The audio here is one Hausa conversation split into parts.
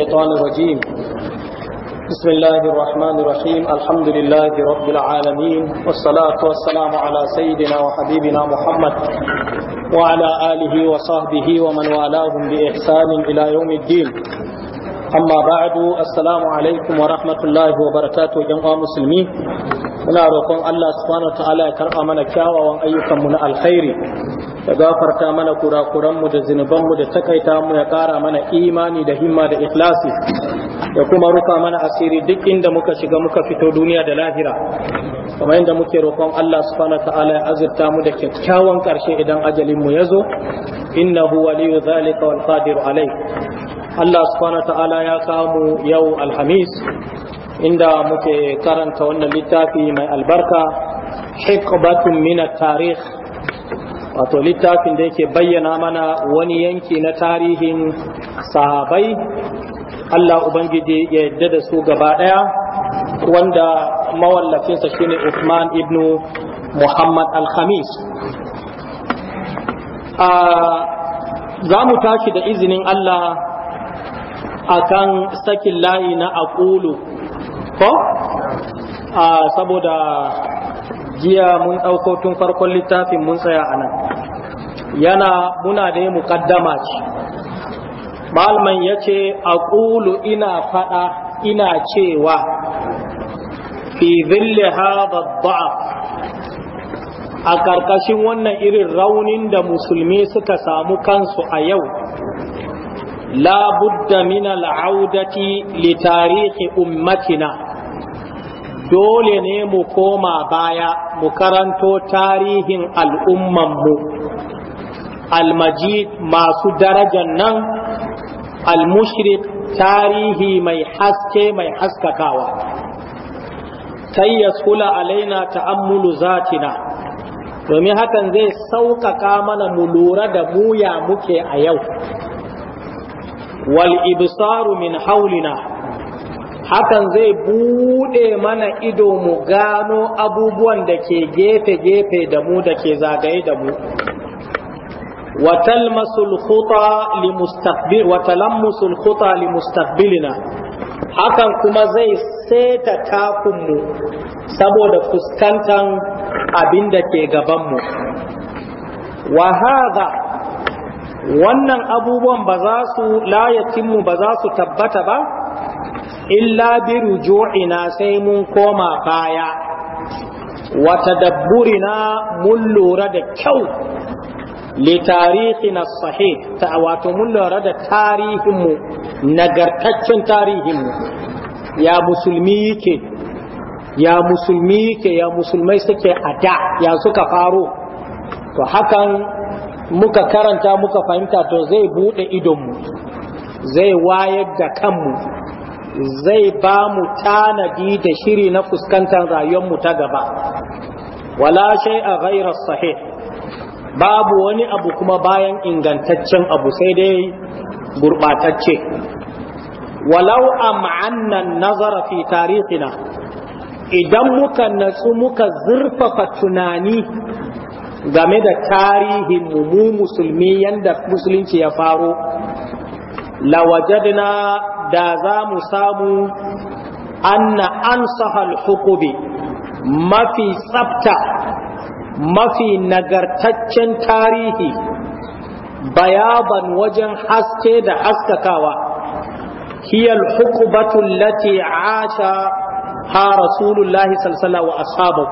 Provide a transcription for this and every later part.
الشيطان الرجيم بسم الله الرحمن الرحيم الحمد لله رب العالمين والصلاة والسلام على سيدنا وحبيبنا محمد وعلى آله وصحبه ومن والاهم بإحسان إلى يوم الدين أما بعد السلام عليكم ورحمة الله وبركاته جمع مسلمين muna roƙon Allah subhanahu wa ta'ala ya karɓa mana kyawawan ayyukanmu na alkhairi ya gafarta mana kurakuranmu da zunubanmu da takaita mu ya ƙara mana imani da himma da ikhlasi ya kuma rufa mana asiri duk inda muka shiga muka fito duniya da lahira kamar inda muke roƙon Allah subhanahu ta'ala ya azurta mu da kyakkyawan ƙarshe idan ajalin mu yazo innahu waliyu zalika wal qadir alai Allah subhanahu ta'ala ya kamu yau alhamis inda muke karanta wannan littafi mai albarka hikbatun min at-tarikh wato littafin da yake bayyana mana wani yanki na tarihin sahabai Allah Ubangiji ya yadda da su gaba ɗaya wanda mawallafinsa shine Uthman ibn Muhammad Al-Khamis. Za mu tashi da izinin Allah akan sakin layi na akulu ko? Saboda jiya mun ɗauko tun farkon littafin mun tsaya a nan yana muna da muƙaddama ce malman ya ce a ƙulu ina faɗa ina cewa fi zille babba a ƙarƙashin wannan irin raunin da musulmi suka samu kansu a yau labudda min al'audati li tarihi ummatina dole ne mu koma baya mu karanto tarihin al'ummanmu almajid masu darajan nan almushrik tarihi mai haske mai haskakawa tayyasula alaina ta'ammulu zatina domin hakan zai sauƙaƙa mana mu lura da muya muke a yau wal ibsaru min haulina hakan zai bude mana ido mu gano abubuwan da ke gefe-gefe da mu da ke zagaye da mu watalmassul khuta li mustaqbilina hakan kuma zai seta takunmu saboda fuskantan abin da ke gabanmu wa wannan abubuwan ba za su layatinmu ba za su tabbata ba illa bi ruju'ina sai mun koma baya wa tadabburina mun lura da kyau li tarihina sahih ta wato mun lura da tarihinmu nagartaccen tarihinmu ya musulmi yake ya musulmi yake ya musulmai suke a da ya suka faro to hakan muka karanta muka fahimta to zai bude idonmu zai wayar da kanmu zai ba mu tanadi da shiri na fuskantar rayuwar mu ta gaba wala shay a ghairar sahih babu wani abu kuma bayan ingantaccen abu sai dai gurbatacce walau am'annan nazara fi tarihina idan muka natsu muka zurfafa tunani game da tarihin mu musulmi yanda musulunci ya faro wajadna da za mu samu anna an sahal hukubi mafi tsafta mafi nagartaccen tarihi bayaban wajen haske da haskakawa hiyal hukubatu lati asha ha rasulullahi sallallahu wa ashabahu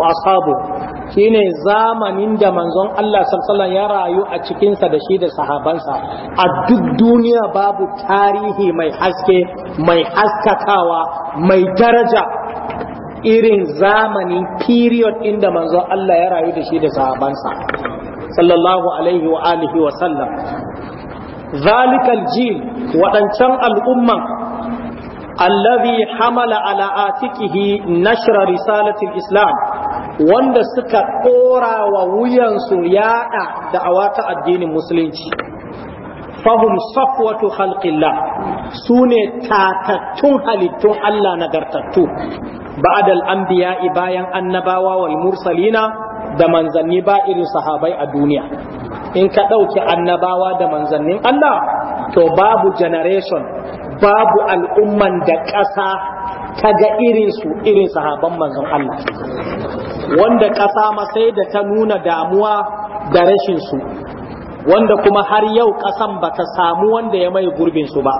wa shine zamanin da manzon Allah sallallahu ya rayu a cikinsa da shi da sahabansa a duk duniya babu tarihi mai haske mai haskakawa mai daraja irin zamanin period inda manzon Allah ya rayu da shi da sahabansa sallallahu alaihi wa alihi wa sallam zalikal jil waɗancan al'umman الذي حمل على آتكه نشر رسالة الإسلام wanda suka ɗora wa wuyansu yaɗa da awata addinin musulunci fahim safwatu khalqillah su ne tatattun halittun Allah nagartattu ba'adal anbiya'i bayan annabawa wal mursalina da manzanni ba irin sahabai a duniya in ka ɗauki annabawa da manzannin Allah to babu generation babu al'umman da ƙasa ta ga irinsu irin sahaban manzon Allah wanda ƙasa masai da ta nuna damuwa da rashin su wanda kuma har yau ƙasan ba ta samu wanda ya mai gurbin su ba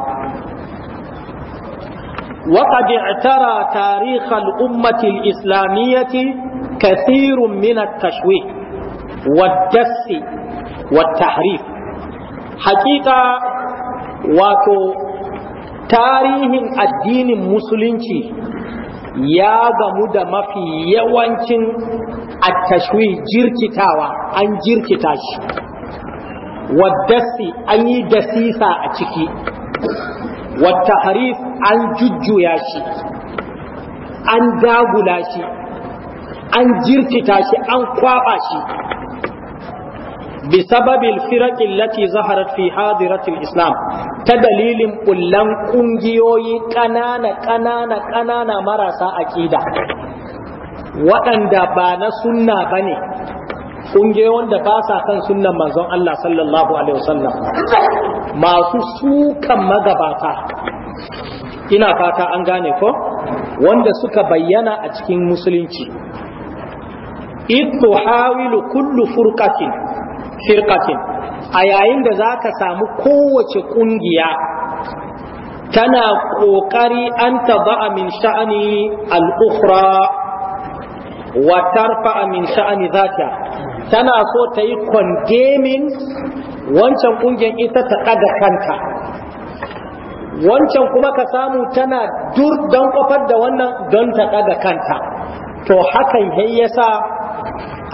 وقد اعترى تاريخ الأمة الإسلامية كثير من التشويه والدس والتحريف حقيقة واتو tarihin addinin musulunci ya gamu da mafi yawancin attashwi jirkitawa an jirkita shi waddasi an yi dasisa a ciki wata harif an jujjuya shi an dagula shi an jirkita shi an kwaba shi بسبب الفرق التي ظهرت في حاضرة الإسلام تدليل قلن ƙanana كنانا كنانا كنانا مرسا أكيدا waɗanda ba na sunna ba ne ƙungiyoyin ba sa kan sunnan manzon Allah sallallahu Alaihi wasallam masu sukan magabata ina fata an gane ko wanda suka bayyana a cikin musulunci ittu hawilu kullu furqatin firqatin a yayin da zaka samu kowace kungiya tana ƙoƙari an taba min sha'ani al wa tarfa min sha'ani zata tana so ta yi condemning wancan kungiyar ita ta ɗaga kanta wancan kuma ka samu tana dur don kofar da wannan don ta ɗaga kanta to hakan yayyasa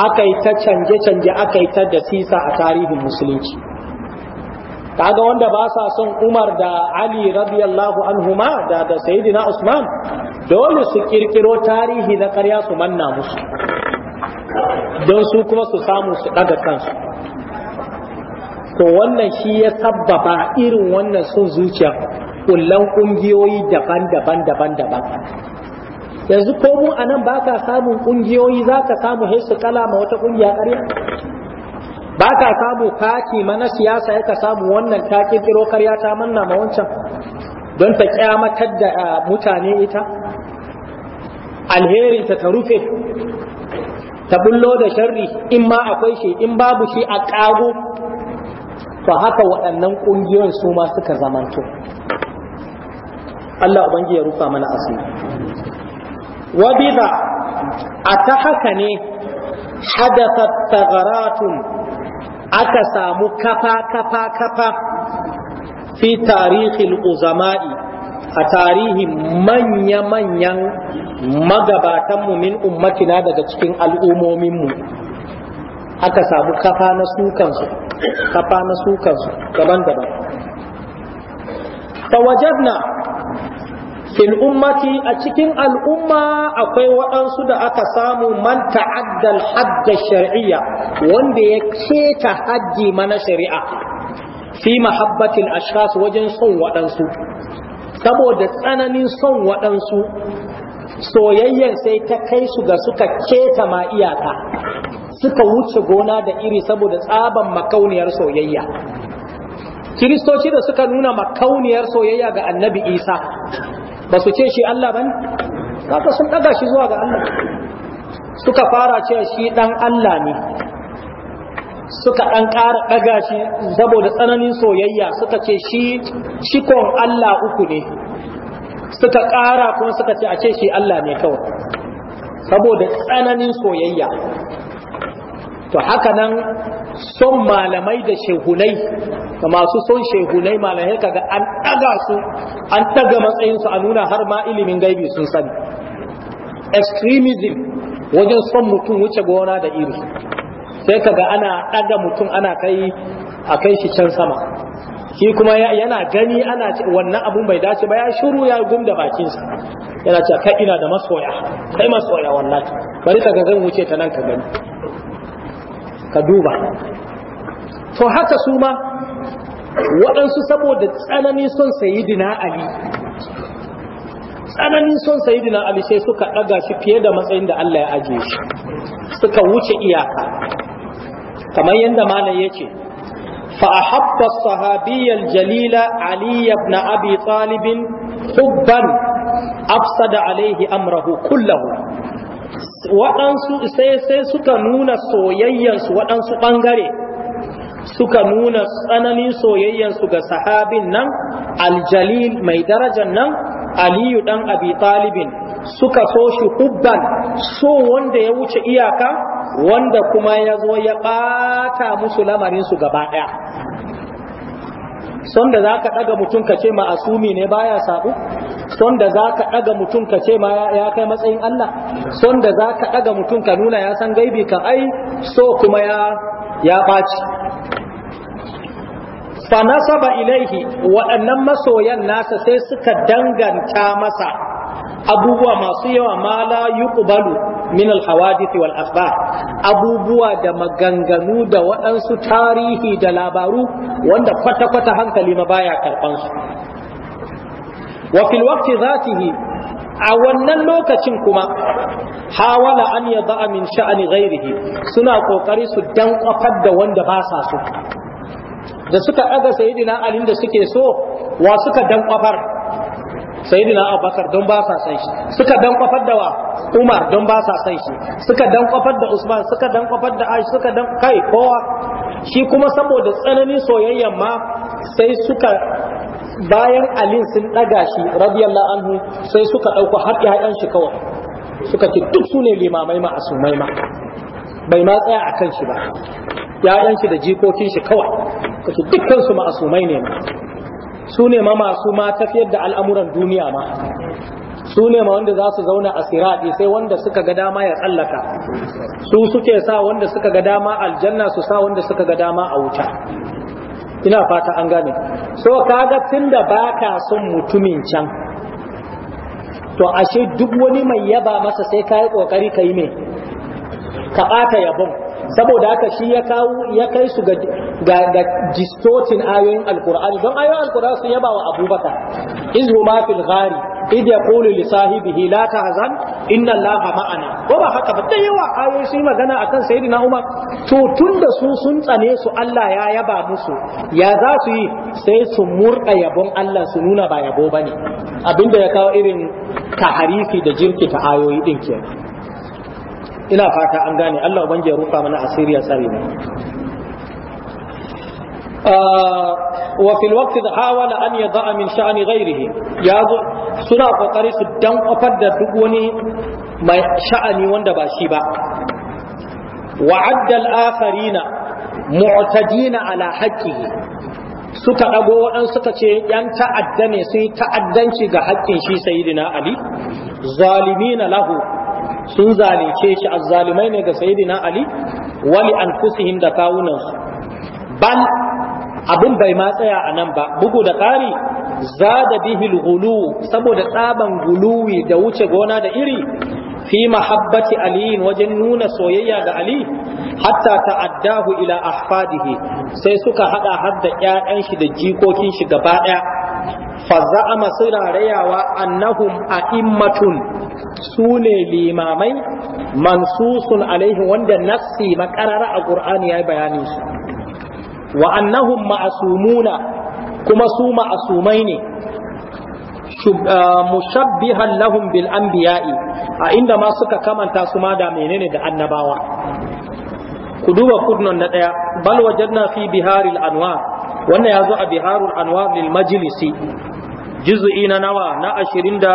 aka yi ta canje-canje aka yi ta da sisa a tarihin musulunci kaga wanda ba sa son umar da ali radiyallahu anhuma da da sayyidina usman dole su kirkiro tarihi na karya su manna musu don su kuma su samu su daga kansu to wannan shi ya sabbaba irin wannan sun zuciya kullan kungiyoyi daban-daban daban-daban yanzu ko mu a nan ba ka samun ƙungiyoyi za ka samu haisu kala ma wata ƙungiya ƙarya ba ka samu kaki mana siyasa ya ka samu wannan ta ƙirƙiro karya ta manna ma wancan don ta ƙyamatar da mutane ita alherinta ta rufe ta bullo da sharri in ma akwai shi in babu shi a ƙago to haka waɗannan ƙungiyoyin su ma suka zamanto Allah Ubangiji ya rufa mana asiri wa bid'a a ta haka ne hadathat tagharatun aka samu kafa kafa kafa fi tarihin uzama'i a tarihin manya-manyan magabatanmu min ummatina daga cikin al'umominmu, aka samu kafa na sukansu kafa na sukansu daban-daban fawajabna fil ummati a cikin al'umma akwai waɗansu da aka samu man ta'addal hadda shari'a wanda ya keta haddi mana shari'a fi mahabbatil ashkhas wajen son waɗansu saboda tsananin son waɗansu soyayyen sai ta kai su ga suka keta ma iyaka suka wuce gona da iri saboda tsaban makauniyar soyayya kiristoci da suka nuna makauniyar soyayya ga annabi isa ba su ce shi Allah ba ne sun ɗaga shi zuwa ga Allah suka fara cewa shi ɗan Allah ne suka ɗan ƙara ɗaga shi saboda tsananin soyayya suka ce shi cikon Allah uku ne suka ƙara kuma suka ce a ce shi Allah ne kawai saboda tsananin soyayya to haka nan son malamai da shehunai da masu son shehunai malamai kaga an ɗaga su an ɗaga matsayinsu a nuna har ma ilimin gaibi sun sani extremism wajen son mutum wuce gona da iri sai kaga ana ɗaga mutum ana kai a kai shi can sama shi kuma yana gani ana wannan abun bai dace ba ya shiru ya gumda bakinsa yana ce kai ina da masoya kai masoya wannan bari ka ga zan wuce ta nan ka gani ka duba to haka su ma waɗansu saboda tsananin son sayidina ali tsananin son sayidina ali sai suka ɗaga shi fiye da matsayin da Allah ya ajiye shi suka wuce iyaka kamar yadda malam ya ce فأحب sahabiyar Jalila, علي بن أبي طالب حبا أفسد عليه Amrahu, كله waɗansu sai suka nuna soyayyansu waɗansu ɓangare suka nuna tsananin soyayyansu ga sahabin nan aljalil mai darajar nan aliyu ɗan abi talibin suka so shi hubban so wanda ya wuce iyaka wanda kuma ya zo ya ɓata musu lamarinsu gaba ɗaya son da za ka ɗaga mutum ka ce ma asumi ne baya sabu son da za ka ɗaga mutum ka ce ma ya kai matsayin Allah son da za ka ɗaga mutum ka nuna ya san gaibi ka ai so kuma ya ɓaci fa nasaba ilaihi waɗannan masoyan nasa sai suka danganta masa abubuwa masu yawa ma la yuqbalu min alhawadith wal akhbar abubuwa da maganganu da waɗansu tarihi da labaru wanda kwata-kwata hankali ma baya karban su wa fil waqti a wannan lokacin kuma hawala an yada min sha'ani ghairihi suna kokari su dan kwafar da wanda ba sa so da suka aga sayyidina ali da suke so wa suka dan kwafar sayyidina abubakar don ba sa san shi suka dan kwafar da wa umar don ba sa san shi suka dan kwafar da usman suka dan kwafar da aisha suka dan kai kowa shi kuma saboda tsananin soyayyan ma sai suka bayan alin sun daga shi radiyallahu anhu sai suka dauko har yan shi kawai suka ce duk su ne limamai ma asumai ma bai ma tsaya a kan shi ba yan shi da jikokin shi kawai kace dukkan su ma asumai ne ma su ne ma masu ma tafiyar da al'amuran duniya ma su ne ma wanda za su zauna a siradi sai wanda suka ga dama ya tsallaka su suke sa wanda suka ga dama aljanna su sa wanda suka ga dama a wuta ina fata an gane so kaga tunda ka son mutumin can to ashe duk wani mai yaba masa sai ka yi kokari ka yi me ka ɓata yabon saboda haka shi ya kawo ya kai su ga ga distortin ayoyin alqur'ani don ayoyin alqur'ani sun yaba wa abubakar iz huma fil ghari id yaqulu li sahibihi la tahzan inna allaha ma'ana ko ba haka ba da yawa ayoyi sun magana akan sayyidina umar to tunda su sun tsane su Allah ya yaba musu ya za su yi sai su murka yabon Allah su nuna ba yabo bane abinda ya kawo irin taharifi da jirkita ayoyi din kenan ina fata an gane Allah ubangiji ya rufa mana asiri ya sare ah, wa fil waqti hawala an yada min sha'ani ghairihi ya zo suna kokari su dan kofar da duk wani mai sha'ani wanda ba shi ba wa adda al-akharina mu'tadina ala haqqihi suka dago waɗansu suka ce yan ta'adda ne sun yi ta'addanci ga haƙƙin shi sayyidina ali zalimina lahu sun zalunce shi azzalimai ne ga sayyidina ali wali kusihim da kawunansu Ban, abin bai ma tsaya a nan ba bugu da ƙari zada bihil gulu saboda tsaban guluwi da wuce gona da iri fi mahabbati aliyin wajen nuna soyayya ga ali hatta ta'addahu ila ahfadihi sai suka hada har da ƴaƴan shi da jikokin shi gaba ɗaya fa za'ama suna rayawa annahum a'immatun su ne limamai mansusun alaihi wanda nassi makarar a qur'ani yayi bayanin su wa annahum sumuna kuma su ma'asumai ne ah, mushabbihan lahum bil anbiya'i a inda ma suka kamanta su ma da menene da annabawa ku duba kudnon na ɗaya, bal wajadna fi biharil anwar ya zo a biharul anwar lil majlisi juz'i na nawa na ashirin da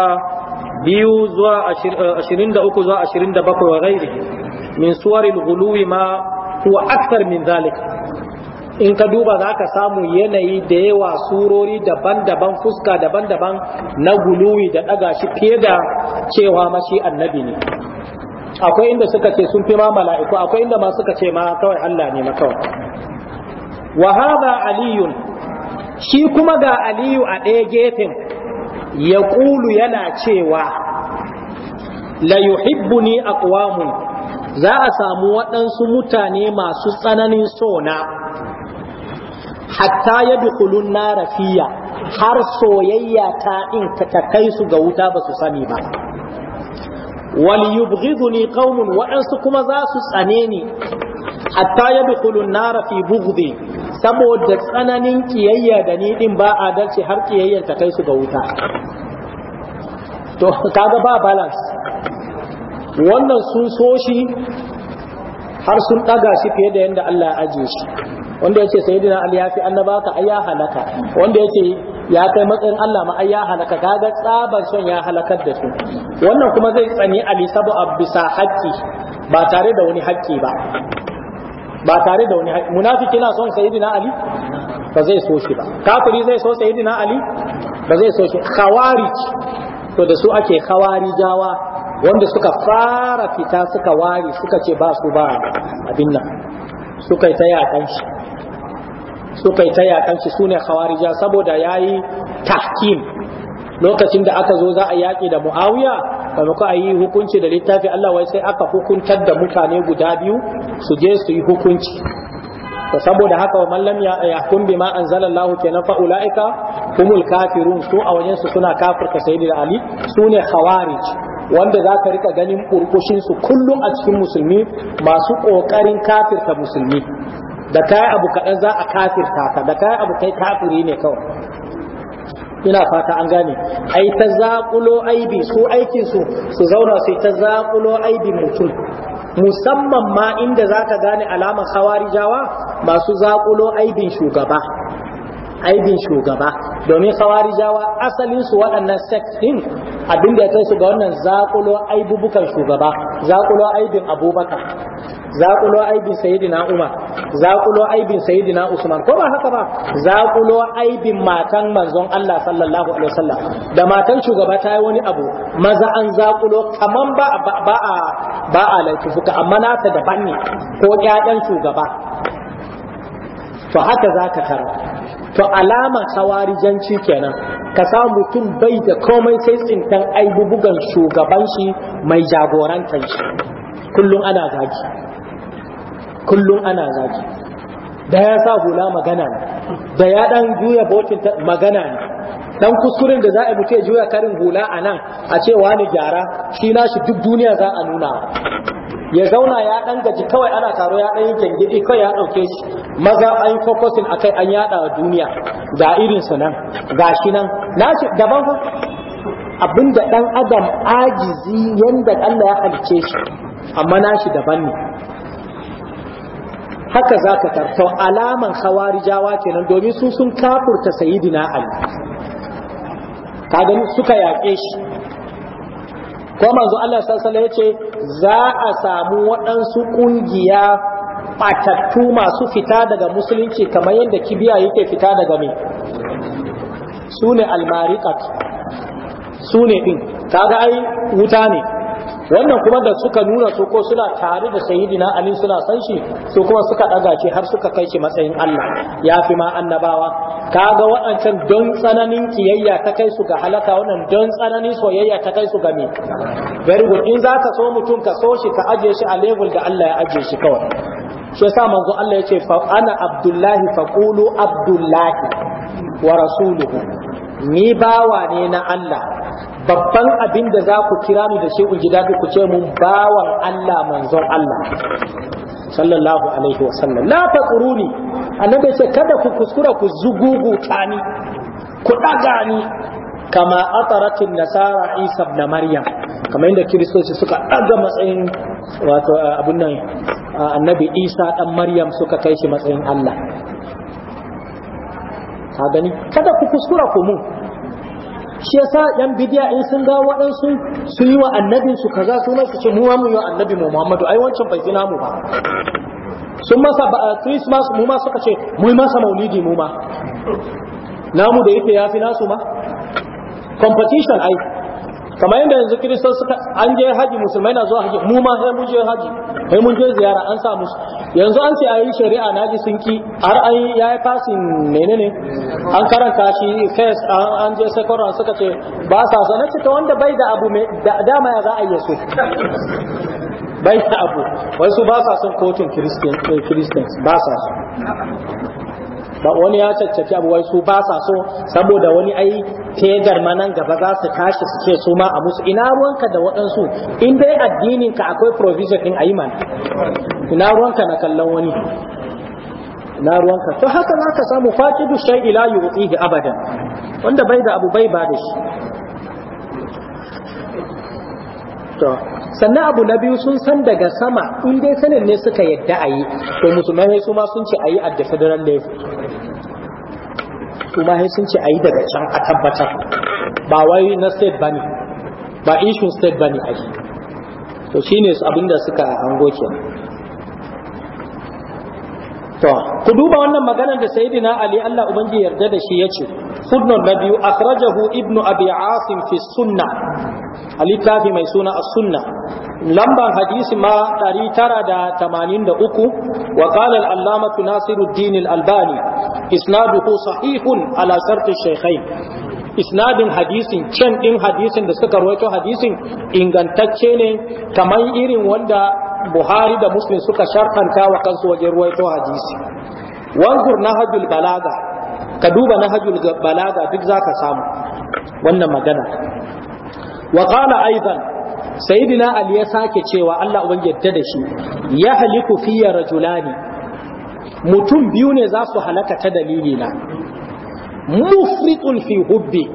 biyu zuwa ashirin eh, da uku zuwa ashirin da wa ghairihi min suwaril ghuluwi ma huwa akthar min zalik in ka duba za ka samu yanayi da yawa surori daban-daban fuska daban-daban na guluwi da daga shi fiye da cewa mashi annabi ne akwai inda suka ce sun fi ma mala'iku akwai inda ma suka ce ma kawai Allah ne ma kawai wa hadha aliyun shi kuma ga aliyu a ɗaya gefen ya ƙulu yana cewa la yuhibbuni aqwamun za a samu waɗansu mutane masu tsananin sona hatta ya dukulun na rafiya har soyayya ta in ta kai su ga wuta ba su sani ba wal ne qaumun waɗansu kuma za su tsane ni hatta ya dukulun na rafi saboda tsananin kiyayya da ni din ba a dace har kiyayyar ta kai su ga wuta to kaga ba balance wannan sun so shi har sun ɗaga shi fiye da yanda Allah ya ajiye shi wanda ya ce Ali ya fi annaba ka ai halaka wanda ya ya kai matsayin Allah ma ai halaka kaga tsaban son ya halakar da su wannan kuma zai tsani Ali sabu abisa haƙƙi ba tare da wani haƙƙi ba ba tare da wani munafiki na son sayyidina ali ba zai so shi ba kafiri zai so sayyidina ali ba zai so shi khawarij to da su ake khawarijawa wanda suka fara fita suka wari, suka ce ba su ba abin nan suka yi ta yakan shi suka yi ta yakan shi sune khawarija saboda yayi tahkim lokacin da aka zo za a yaƙi da muawiya maimakon a yi hukunci da littafi Allah wai sai aka hukuntar da mutane guda biyu su je su yi hukunci to saboda haka wa mallam ya yahkum bima anzalallahu kenan fa ulaika humul kafirun su a wajen su suna kafirka sayyidina ali sune khawarij wanda za ka rika ganin burkushin su kullum a cikin musulmi masu kokarin kafirta musulmi da kai abu kaɗan za a kafirta ka da kai abu kai kafiri ne kawai ina fata an gane ai ta zaƙulo aibi su aikin su su zauna su ta zaƙulo aibi mutum musamman ma inda za ka gane alamar hawarijawa masu zaƙulo aibin shugaba aibin shugaba domin hawarijawa asalin su waɗannan sect din abin da ya kai su ga wannan zaƙulo aibubukan shugaba zaƙulo aibin abubakar zaƙulo aibin sayyidina umar zaƙulo aibin sayyidina usman ko ba haka ba Zaƙulo aibin matan manzon Allah sallallahu alaihi wasallam da matan shugaba ta yi wani abu maza an zaƙulo kaman ba ba a ba a laifuka amma na ta daban ne ko ƴaƴan shugaba to haka zaka tarar to alaman hawarijanci kenan ka sa mutum bai da komai sai tsintan aibubugan shugaban shi mai jagorantar shi kullum ana zaki kullum ana zaki da ya sa hula magana ne da ya dan juya botin magana ne dan kuskuren da za a mutu ya juya karin hula a nan a ce wani gyara shi na shi duk duniya za a nuna ya zauna ya dan gaji kawai ana taro ya dan yi gidi kawai ya dauke shi maza an yi focusing akai an yada wa duniya ga irin su nan ga shi nan na shi daban fa abinda dan adam ajizi yanda Allah ya halice shi amma na shi daban ne haka za ka tarto alaman khawarijawa kenan domin su sun kafurta sayidina ali kaga suka yaƙe shi ko manzo Allah sassala ya ce za a samu waɗansu ƙungiya ɓatattu masu fita daga musulunci kamar yadda kibiya yake fita daga mai su ne almarikat su ne ɗin kaga ai wuta ne wannan kuma da suka nuna su ko suna tare da sayyidina ali suna san shi su kuma suka daga ce har suka kai shi matsayin Allah ya fi ma annabawa kaga waɗancan don tsananin kiyayya ta kai su ga halaka wannan don tsananin soyayya ta kai su ga me very good in zaka so mutum ka so shi ka aje shi a level da Allah ya aje shi kawai shi yasa manzo Allah yace fa ana abdullahi qulu abdullahi wa rasuluhu ni bawa ne na Allah babban abin da za ku kira ni da shi ku gida ku ce mun bawan Allah manzon Allah sallallahu alaihi wa sallam la taquruni annabi ce kada ku kuskura ku zugugu ni ku daga ni kama ataratin nasara isa ibn maryam kamar inda kiristoci suka daga matsayin wato abun nan annabi isa dan maryam suka kai shi matsayin Allah ka gani kada ku kuskura ku mu shi yasa yan bidiya in sun ga waɗansu su yi wa annabin su kaza sunan su ce mu ma mu yi wa annabi mu Muhammadu ai wancan bai zina namu ba sun masa ba eh, Christmas mu ma suka ce mu yi masa maulidi mu ma namu da yake ya fi nasu ma competition ai kamar yadda yanzu kiristan suka an je haji musulmai na zuwa haji mu ma sai mun je haji sai mun je ziyara an sa musu yanzu an ce ayi shari'a na ji sun ki har an yayi fasin menene an karanta shi first an je second suka ce ba sa sanar ce ta wanda bai da abu mai dama ya za a yi so bai da abu wasu ba sa son kotun eh, kiristan ba sa so ba wani ya caccaki abu wai su ba sa so saboda wani ai tegar ma nan gaba za su tashi su ce su ma a musu ina ruwanka da waɗansu in dai addinin ka akwai provision din ayi mana ina ruwanka na kallon wani ina ruwanka to haka za ka samu faqidu shay'i la da abadan wanda bai da abu bai ba da shi to sannan abu na biyu sun san daga sama in dai sanin ne suka yadda a yi to musulmai su ma sun ce a yi at da federal level su ma sun ce a yi daga can a tabbatar ba wai na state ba ne ba issue state ba ne a shi to shi ne abinda suka hango ke to ku duba wannan maganar da sayyidina ali Allah ubangi yarda da shi ya ce, sunan na biyu akhrajahu ibnu abi asim fi sunna alitafi mai suna as suna. lamban hadisi ma 983 wa qala al-allamatu Nasiruddin al-Albani isnaduhu sahihun ala shart al isnadin hadisin can ɗin hadisin da suka rawaito hadisin ingantacce ne kamar irin wanda Buhari da Muslim suka sharhanta wa kansu wajen ruwaito hadisi wanzur nahjul balaga ka duba nahjul balaga duk zaka samu wannan magana wa qala sayyidina ali ya sake cewa Allah ubangi yadda da shi ya haliku fiya rajulani mutum biyu ne za su halaka ta dalili na mufritun fi hubbi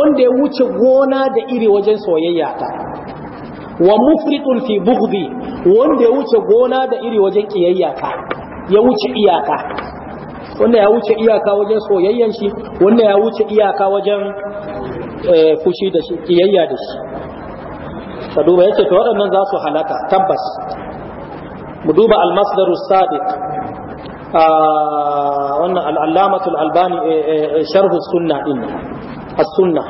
wanda ya wuce gona da iri wajen soyayya ta wa mufritun fi bughdi wanda ya wuce gona da iri wajen kiyayya ta ya wuce iyaka wanda ya wuce iyaka wajen soyayyan shi wanda ya wuce iyaka wajen eh, fushi da shi kiyayya da shi فدوبا يتش وأنن ذاسو حلاكا تنبس مدوبا المصدر السابق وأن العلامة الألباني شرح السنة إن السنة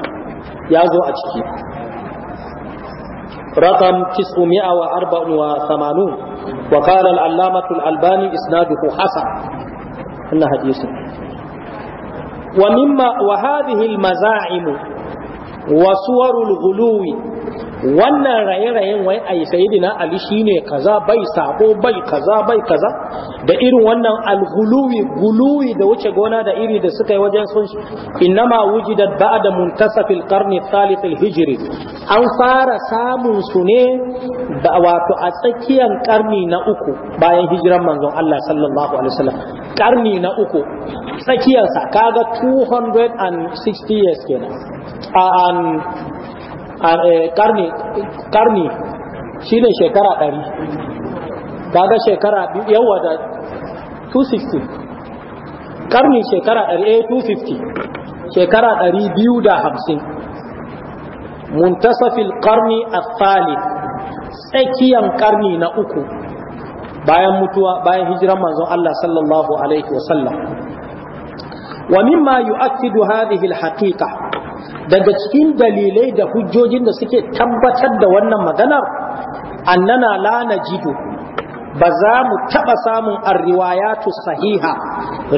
يازو أجتي رقم 984 وقال العلامة الألباني إسناده حسن أنها حديث ومما وهذه المزاعم wa suwarul wannan raye-rayen wai ai sayyidina ali shine kaza bai sako bai kaza bai kaza da irin wannan al guluwi da wuce gona da iri da suka yi wajen sun innama wujidat ba'da muntasafil qarni thalith al an fara samun su ne da wato a tsakiyar karni na uku bayan hijiran manzon Allah sallallahu alaihi wasallam karni na uku tsakiyarsa kaga 260 years kenan a an e, karni karni shine shekara 100 kaga shekara yawa da 260 karni shekara 250 eh, shekara 250 muntasafil karni al tsakiyan karni na uku bayan mutuwa bayan hijiran manzon Allah sallallahu alaihi wasallam wa mimma yu'akkidu hadhihi al daga cikin dalilai da hujjojin da suke tabbatar da wannan maganar annana la najidu ba za mu taɓa samun arriwayatu sahiha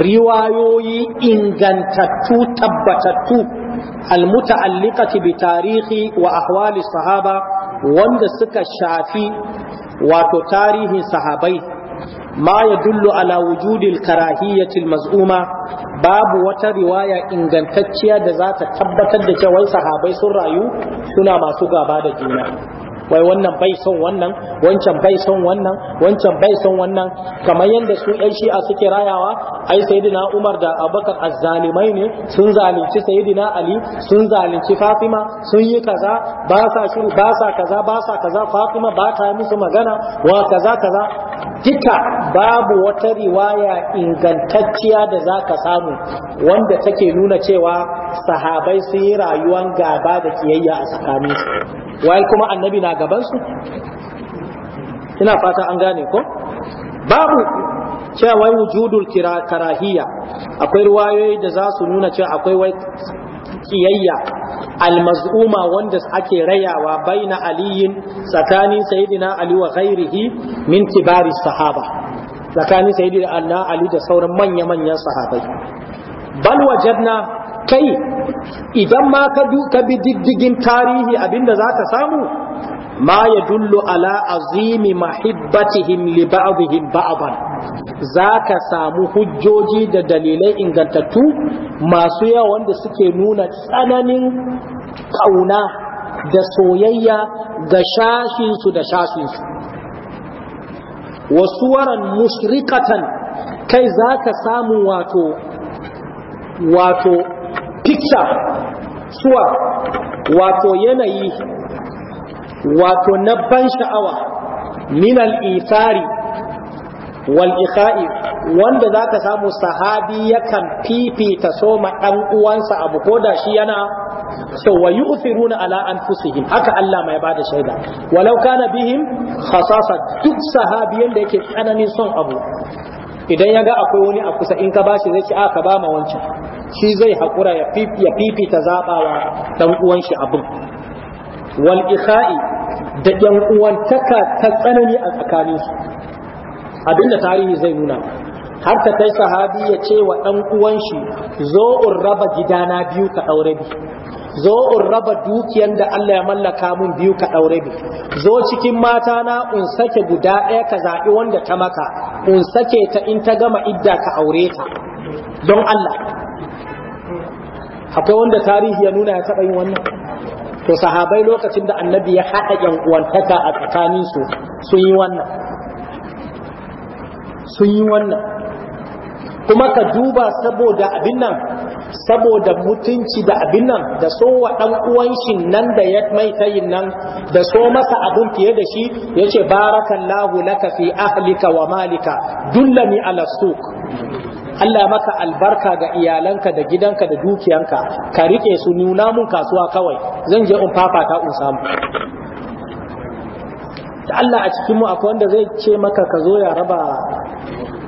riwayoyi ingantattu tabbatattu almuta'alliqati bi tarihi wa ahwali sahaba wanda suka shafi wato tarihin sahabai ma ya dullu ala wujudil karahiyatil maz'uma babu wata riwaya ingantacciya da za ta tabbatar da cewa sahabai sun rayu suna masu gaba da juna wai wannan bai son wannan wancan bai son wannan wancan bai son wannan kamar yadda su ɗan shi'a suke rayawa ai sayyidina Umar da Abubakar azzalimai ne sun zalunci sayyidina Ali sun zalunci Fatima sun yi kaza ba sa shiru ba sa kaza ba sa kaza Fatima ba ta musu magana wa kaza kaza duka babu wata riwaya ingantacciya da za ka samu wanda take nuna cewa sahabai sun yi rayuwan gaba da kiyayya a tsakanin su wai kuma annabi na gaban su ina fata an gane ko babu cewa wai wujudul karahiya akwai ruwayoyi da za su nuna cewa akwai wai kiyayya almaz'uma wanda ake rayawa baina aliyin tsakanin sayyidina ali wa ghairihi min kibari sahaba tsakanin sayyidina ali da sauran manya-manyan sahabai bal wajadna kai idan ma ka bi diddigin tarihi abinda za ka samu ma ya dullo ala azimi mahibbatihim li ba'dihim ba'dan za ka samu hujjoji da dalilai ingantattu masu yawa wanda suke nuna tsananin kauna da soyayya ga shashinsu da shashinsu wasu waran mushrikatan kai za ka samu wato wato picture suwa wato yanayi wato na ban sha'awa minal isari wal ikha'i wanda za ka samu sahabi yakan fifita soma ɗan uwansa abu ko da shi yana so wa yu'thiruna ala anfusihim haka Allah mai bada shaida walau kana bihim khasasa duk sahabi da yake tsananin son abu idan ya ga akwai wani a kusa in ka bashi zai ci a ka ba ma wancan shi zai haƙura ya fifita zaɓawa ɗan uwan shi abin wal ikha'i da ɗan uwantaka ta tsanani a tsakaninsu abinda tarihi zai nuna har ta kai sahabi ya ce wa ɗan uwan shi zo in raba gidana biyu ka ɗaure bi zo in raba dukiyan da Allah ya mallaka mun biyu ka ɗaure bi zo cikin mata na in sake guda ɗaya ka zaɓi wanda ta maka in sake ta in ta gama idda ka aure ta don Allah akwai wanda tarihi ya nuna ya taɓa yin wannan to sahabai lokacin da annabi ya haɗa yan uwantaka a tsakanin su sun yi wannan sun yi wannan kuma ka duba saboda abin nan saboda mutunci da abin nan da so wa ɗan uwanshi nan da ya mai tayin nan da so masa abin fiye da shi ya ce barakallahu laka fi ahlika wa malika dullani ala suk Allah maka albarka ga iyalanka da gidanka da dukiyanka ka rike su nuna mun kasuwa kawai zan je in fafata in samu da Allah a cikin mu akwai wanda zai ce maka ka zo ya raba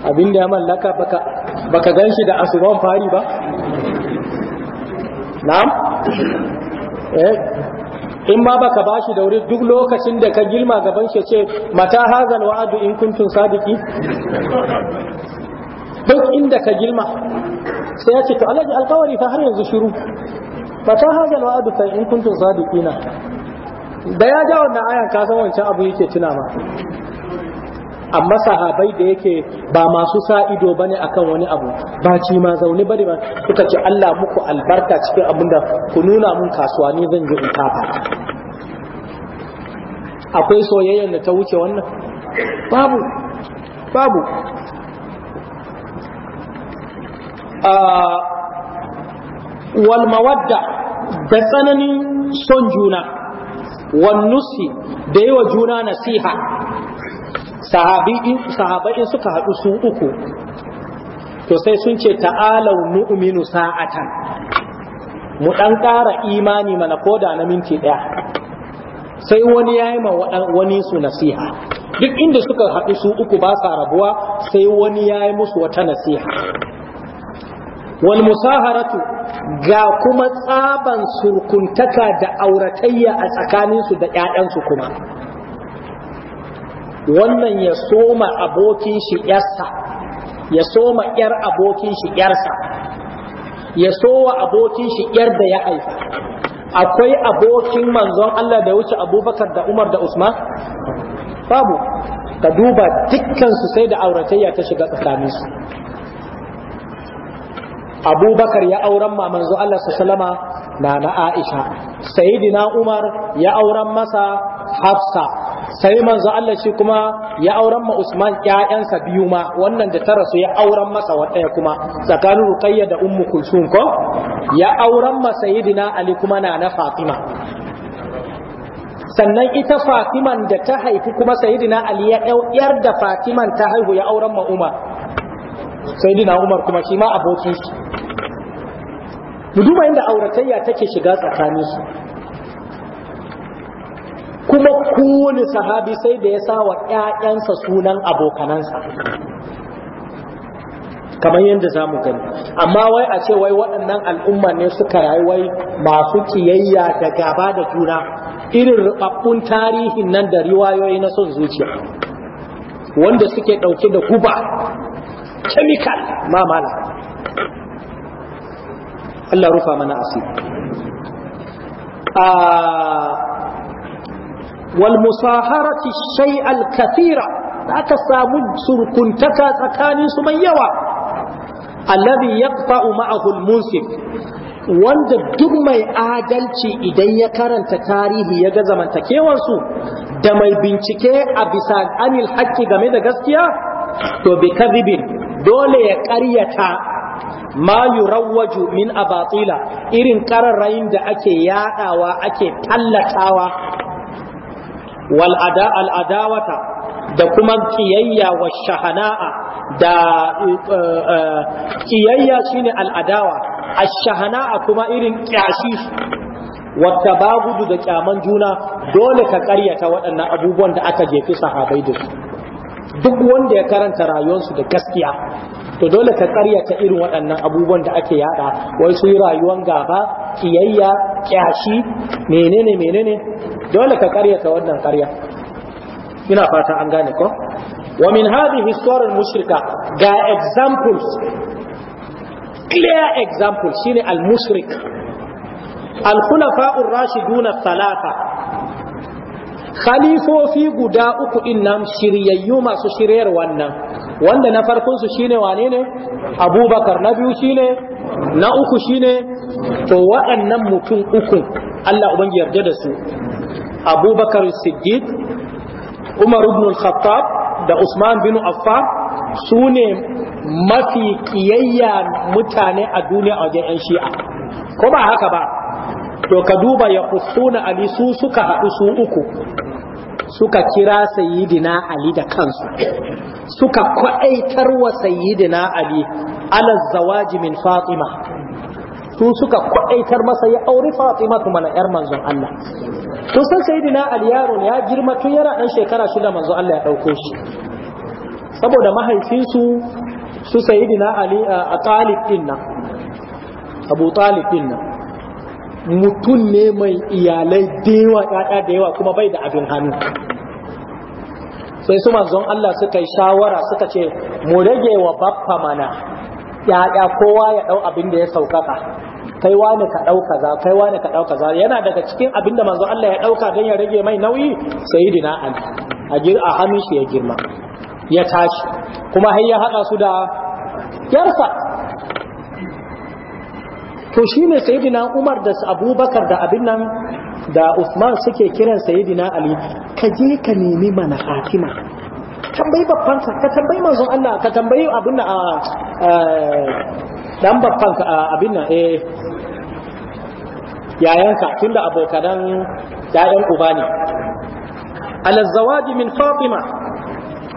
abin da ya mallaka baka baka ganshi da asuban fari ba na'am eh in ma baka bashi da wuri duk lokacin da ka gilma gaban shi ce mata hazal wa'adu in kuntum sadiqi duk inda ka gilma sai ya ce to alaji alkawari fa har yanzu shiru fa ta haja alwa'du fa in kuntum sadiqina da ya ja wannan ayan ka san wancan abu yake tuna ma amma sahabai da yake ba masu sa ido bane akan wani abu ba ci ma zaune bane ba suka ce Allah muku albarka cikin abinda ku nuna mun kasuwa ni zan yi in kafa akwai soyayyar da ta wuce wannan babu babu wal da tsananin son juna wan nusi da yawa juna nasiha sahabai suka haɗu su uku to sai sun ce ta'alau nu'minu sa'atan mu ɗan ƙara imani mana koda na minti ɗaya sai wani ya yi ma wani su nasiha duk inda suka haɗu su uku ba sa rabuwa sai wani ya yi musu wata nasiha wal musaharatu ga kuma tsaban surkuntaka da auratayya a tsakaninsu da ‘ya'yansu kuma wannan ya soma abokin shi ƴarsa ya soma ‘yar abokin shi ƴarsa, ya sowa abokin shi ƴar da ya haifa akwai abokin manzon Allah da wuce abubakar da umar da usman babu ka duba dukkansu sai da auratayya ta shiga tsakaninsu abubakar ya auren ma manzo Allah sallama na na aisha sayyidina umar ya auren masa hafsa sai manzo Allah shi kuma ya auren ma usman ƴaƴansa biyu ma wannan da ta rasu ya auren masa wadaya kuma tsakanin ruqayya da ummu kulsum ko ya auren ma sayyidina ali kuma na na fatima sannan ita fatiman da ta haifi kuma sayyidina ali ya yar da fatiman ta haihu ya auren ma umar sayyidina umar kuma shi ma abokin shi mu duba inda auratayya take shiga tsakanin su kuma kowane sahabi sai da ya sa wa ƴaƴansa sunan abokanansa kamar yadda za mu gani amma wai a ce wai waɗannan al'umma ne suka rayu wai masu kiyayya da gaba da juna irin rubabbun tarihin nan da riwayoyi na son zuciya wanda suke ɗauke da guba chemical mamala Allah rufa mana asiri wal musaharati shay'al kathira aka samu surkuntaka tsakanin su mai yawa alladhi yaqta'u ma'ahu al wanda duk mai adalci idan ya karanta tarihi ya ga zamantakewarsu da mai bincike a bisa anil haƙƙi game da gaskiya to bi kadhibin dole ya ƙaryata ma rawaju, min abatila irin kararrayin da ake yadawa ake tallatawa wal ada da kuma kiyayya wa shahana'a da eh, eh, kiyayya shine al adawa a shahanaa kuma irin ƙyashi wata bagudu da ƙyaman juna dole ka ƙaryata waɗannan abubuwan da aka jefi sahabai da duk wanda ya karanta rayuwarsu da gaskiya to dole ka karyata irin waɗannan abubuwan da ake yada wai su yi rayuwan gaba kiyayya kyashi menene menene dole ka karyata wannan karya ina fata an gane ko wa min hadhihi suwar mushrika ga examples clear example shine al-mushrik al-khulafa'ur rashiduna thalatha khalifofi guda uku innan shiryayyu masu shiryar wannan wanda na farkon su shine wane ne abubakar na biyu shine na uku shine to waɗannan mutum uku Allah ubangi yarda da su abubakar siddiq umar ibn al-khattab da usman bin affan su ne mafi kiyayya mutane a duniya a wajen 'yan shi'a ko ba haka ba to ka duba ya kusuna ali su suka haɗu su uku suka kira sayyidina ali da kansu suka kwaitar wa sayyidina ali ala zawaji min fatima su suka kwaaitar masa ya auri fatima kuma na yar manzon Allah to san sayyidina ali yaro ya girma tun yana dan shekara shida manzon Allah ya dauko shi saboda mahaifinsu su sayyidina ali a talib abu talib nan mutum ne mai iyalai dewa ɗaɗa da yawa kuma bai da abin hannu sai su manzon Allah suka yi shawara suka ce mu rage wa baffa mana ɗaɗa kowa ya ɗau abin da ya sauƙaƙa kai wani ka ɗau kaza kai wani ka ɗau kaza yana daga cikin abin da manzon Allah ya ɗauka don ya rage mai nauyi sayyidina Ali a hannun shi ya girma ya tashi kuma har ya haɗa su da yarsa to shi ne sayyidina Umar da Abubakar da abin nan da Usman suke kiran sayyidina Ali ka je ka nemi mana Fatima tambayi babbanka ka tambayi manzon Allah ka tambayi abin nan ah, eh, dan babbanka ah, abin nan eh yayanka tunda abokanan yayan uba ne ala zawaji min Fatima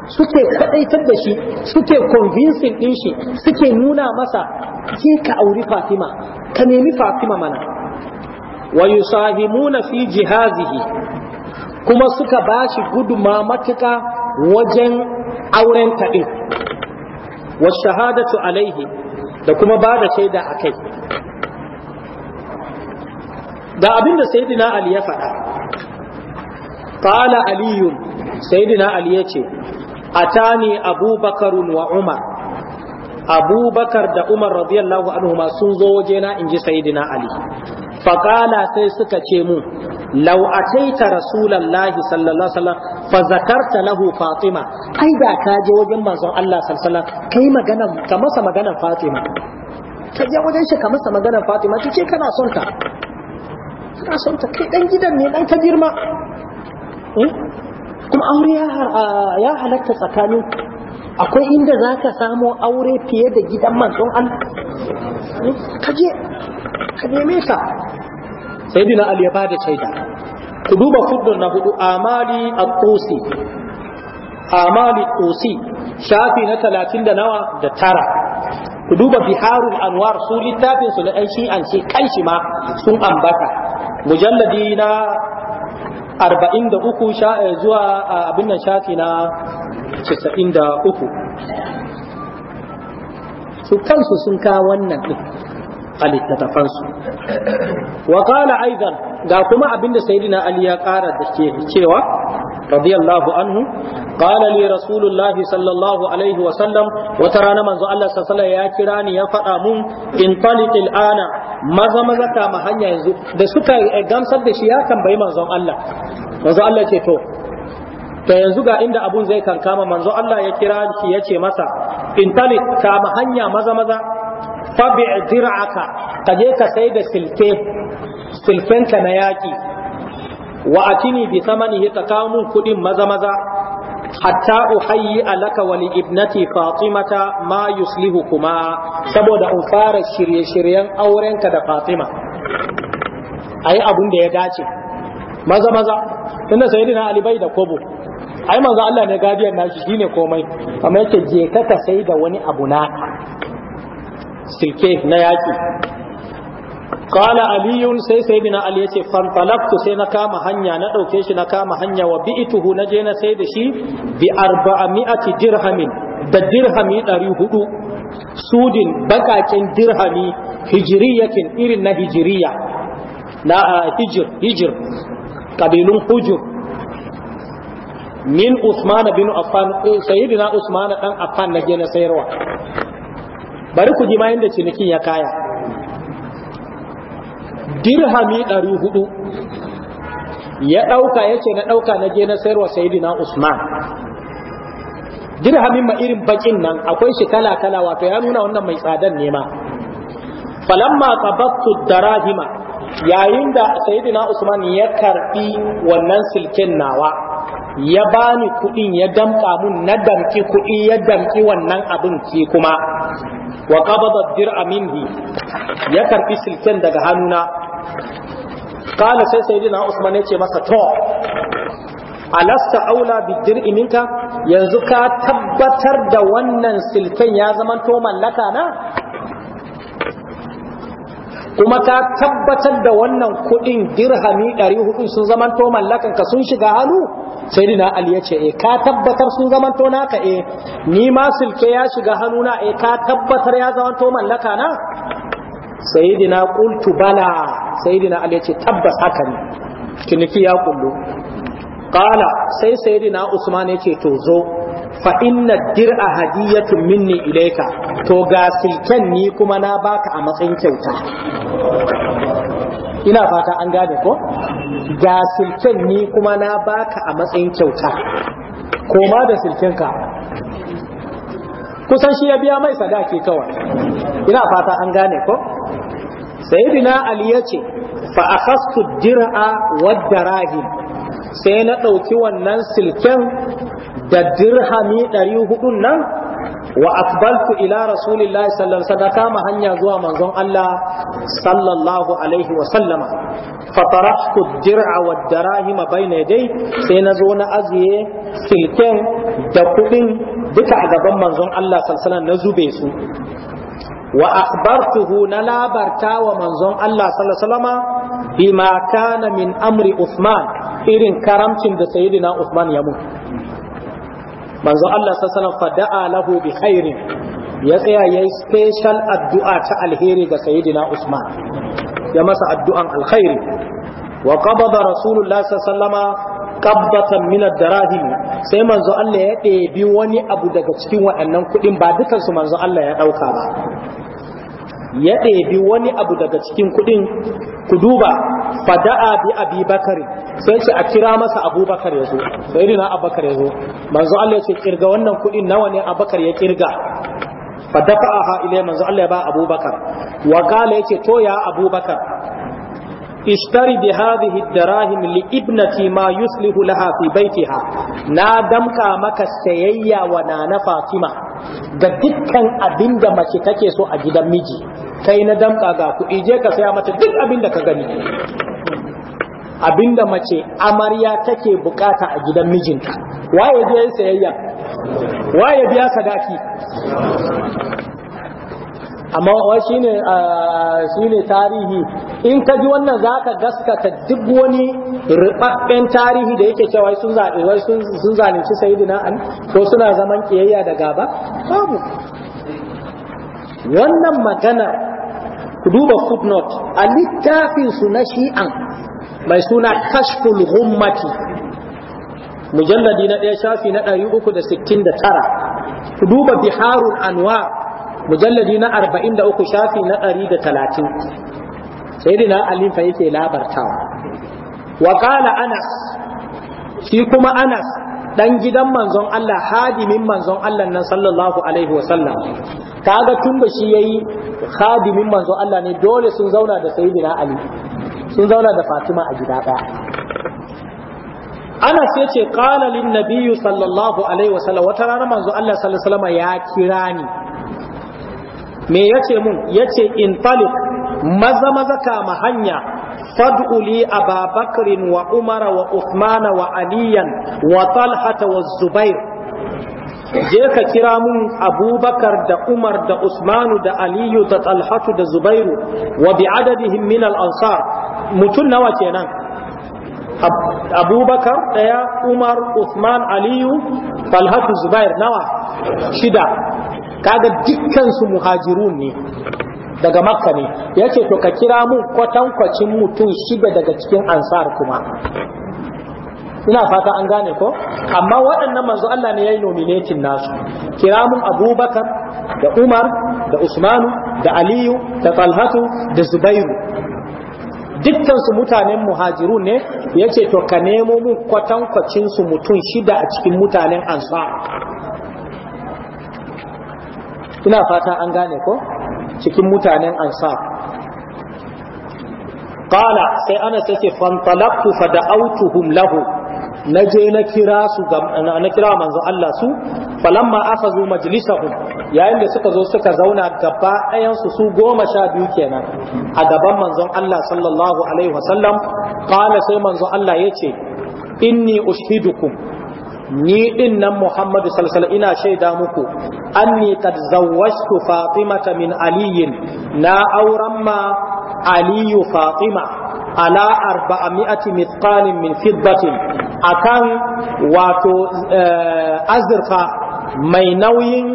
suke kadaitar da shi suke convincing din shi suke nuna masa je ka auri Fatima ka nemi fatima mana wa yusahimuna fi jihazihi kuma suka bashi guduma matuka wajen auren taɗin wa shahadatu alaihi da kuma ba da shaida a kai ga abin da sayidina ali ya faɗa Fala aliyun sayidina ali ya ce atani Abubakar wa umar abubakar da umar radiyallahu ma sun zo wajena in ji Sayyidina ali faƙala sai suka ce mu lau ataita rasulallahi sallallahu alaihi fa zakarta lahu fatima ai da ka je wajen manzon Allah sallallahu alaihi kai magana ka masa magana fatima ka je wajen shi ka masa magana fatima kace kana son ta kana son ta kai dan gidan ne dan ka girma hmm? kuma aure ya halatta tsakanin akwai inda za ka samo aure fiye da gidan manzon an kaje ka neme ta sayyidina Ali ya bada shaida ku duba fuddun na hudu amali a kosi amali kosi shafi na talatin da nawa da tara ku duba biharul anwar su littafinsu na ɗan shi'an ce kan shi ma sun ambata mujalladi na arba'in da uku eh, zuwa abin nan shafi na casa'in da uku su kansu sun ka wannan ɗin a littattafansu wa kala aizan ga kuma abin da sayidina ali ya ƙara da ke cewa radiyallahu anhu qala li rasulullahi sallallahu alaihi wa sallam wata rana manzo Allah sallallahu ya kira ni ya faɗa mun in taliqil ana maza maza ta ma hanya yanzu da suka eh, gamsar da shi ya tambayi manzon Allah manzon Allah ce to to yanzu ga inda abun zai kankama manzon Allah ya kira shi ya ce masa ta ma hanya maza maza fabi dir'aka ka je ka sai da silke ka na yaki wa atini bi samani ka kawo mun kudin maza maza hatta uhayyi alaka wa li ibnati fatimata ma yuslihu kuma saboda in fara shirye-shiryen aurenka da fatima ayi abun da ya dace maza maza tunda sayyidina ali bai da kobo ai manzo Allah ne gadiyan nashi shine komai amma yake je ka sai da wani abu na silke na yaki qala aliyun sai sayyidina ali yace fantalaqtu sai na kama hanya na dauke shi na kama hanya wa bi'tuhu na je na sai da shi bi arba'ami'ati dirhamin da dirhami 400 sudin bakakin dirhami hijriyatin irin na hijriya na hijir hijir kabilun hujur min usman bin affan eh, sayyidina usman dan affan na je na sayarwa bari ku ji ma yanda cinikin ya kaya dirhami ɗari hudu ya ɗauka ya na ɗauka na je na sayarwa Saidina usman dirhamin ma irin bakin nan akwai shi kala kala wato ya nuna wannan mai tsadan nema. ma falamma tabattu darahima yayin da Saidina usman ya karbi wannan silken nawa ya bani kuɗin ya damka mun na damki kuɗi ya damki wannan abin ki kuma wa qabada dir'a ya karbi silken daga hannuna kala sai dina usman ya ce masa to alasta aula bidir'i minka yanzu ka tabbatar da wannan silken ya zaman to mallaka na kuma ka tabbatar da wannan kudin dirhami 400 sun zaman to mallakan ka sun shiga hannu dina ali ya ce eh ka tabbatar sun zaman to naka eh ni ma silke ya shiga hannuna eh ka tabbatar ya zaman to mallaka na sayyidina qultu bala sayyidina ali yace tabbas haka ne ciniki ya kullu qala sai sayyidina usman yace to zo fa inna dir'a hadiyatun minni ilayka to ga silken ni kuma na baka a matsayin kyauta ina fata an gane ko ga silken ni kuma na baka a matsayin kyauta koma da silkenka kusan shi ya biya mai sadaki kawai ina fata an gane ko sayyidina ali yace fa akhastu dir'a wad darahim sai na ɗauki wannan silken da dirhami 400 nan wa aqbaltu ila rasulillahi sallallahu alaihi wasallam kama hanya zuwa manzon Allah sallallahu alaihi wasallam fa tarahtu dir'a wad darahim bayna yadai sai na zo na ajiye silken da kuɗin duka a gaban manzon Allah sallallahu alaihi wasallam na zube su wa akhbartuhu na labarta wa manzon Allah sallallahu alaihi wasallama bima kana min amri Uthman irin karamcin da sayyidina Uthman ya mutu manzon Allah sallallahu alaihi fada'a lahu bi khairin ya tsaya yayi special addu'a ta alheri ga sayyidina Uthman ya masa addu'an alkhairi wa qabada rasulullah sallallahu alaihi wasallama min ad-darahim sai manzo Allah ya ɗebi wani abu daga cikin waɗannan kuɗin ba dukansu manzo Allah ya ɗauka ba ya ɗebi wani abu daga cikin kuɗin ku duba fada'a bi abi bakari sai ce a kira masa abubakar ya zo sai na abubakar ya zo manzo Allah ya ce kirga wannan kuɗin nawa ne abubakar ya kirga ha ilai manzo Allah ya ba abubakar wa gala yace to ya abubakar ishtari bi hadhihi darahim li ibnati ma yuslihu laha fi baitiha na damka maka sayayya wa nana fatima ga dukkan abinda mace take so a gidan miji kai na damka ga kuɗi je ka saya mata duk abinda ka gani abinda mace amarya take buƙata a gidan mijinta waye biyan sayayya waye biya sadaki amma wai shine ah, shine tarihi in ka ji wannan zaka gaskata duk wani rubabben tarihi da yake cewa sun zabe wai sun sun zalunci sayyidina an ko suna zaman kiyayya da gaba babu wannan magana ku duba footnote a littafin su na shi'an mai suna kashful ghummati mujalladi na ɗaya shafi na 369 ku duba biharul anwar mujalladi na arba'in da uku shafi na da 130 sayyidina ali fa yake labartawa wa qala anas shi kuma anas dan gidan manzon Allah hadimin manzon Allah nan sallallahu alaihi wa sallam kaga tun da shi yayi hadimin manzon Allah ne dole sun zauna da sayyidina ali sun zauna da fatima a gida daya Anas ya ce ƙala lin nabiyyu sallallahu alaihi wa sallam wata rana manzo Allah sallallahu alaihi wasallam ya kira ni me ya ce mun Ya ce in taliq maza maza kama hanya fad'u Aba Bakrin wa umara wa uthmana wa aliyan wa talhata wa zubair je ka kira mun abubakar da umar da usmanu da aliyu da talhatu da zubairu wa bi adadihim min al ansar mutun nawa kenan abubakar daya umar usman aliyu talhatu zubair nawa shida kaga dukkan su muhajirun ne daga makka ne yace to ka kira mun kwatankwacin mutum shida daga cikin ansar kuma ina fata an gane ko amma waɗannan manzo Allah ne yayi nominating nasu kira mun Abubakar da Umar da Usmanu da Aliyu da Talha da Zubairu dukkan su mutanen muhajirun ne yace to ka nemo mun kwatankwacin su mutum shida a cikin mutanen ansar ina fata an gane ko cikin mutanen ansar kala sai ana sace fantalaqtu fada'awtuhum lahu naje na kira su na kira manzo Allah su falamma akhazu majlisahum yayin da suka zo suka zauna gaba ɗayan su su goma sha biyu kenan a gaban manzon Allah sallallahu alaihi wasallam qala sai manzo Allah yace inni ushidukum ni din nan Muhammadu sallallahu ina shaida muku anni kad zawwajtu Fatimata min aliyin na auren ma Aliyu Fatima ala arba'ami'ati mithqalin min fiddatin akan wato eh, azurfa mai nauyin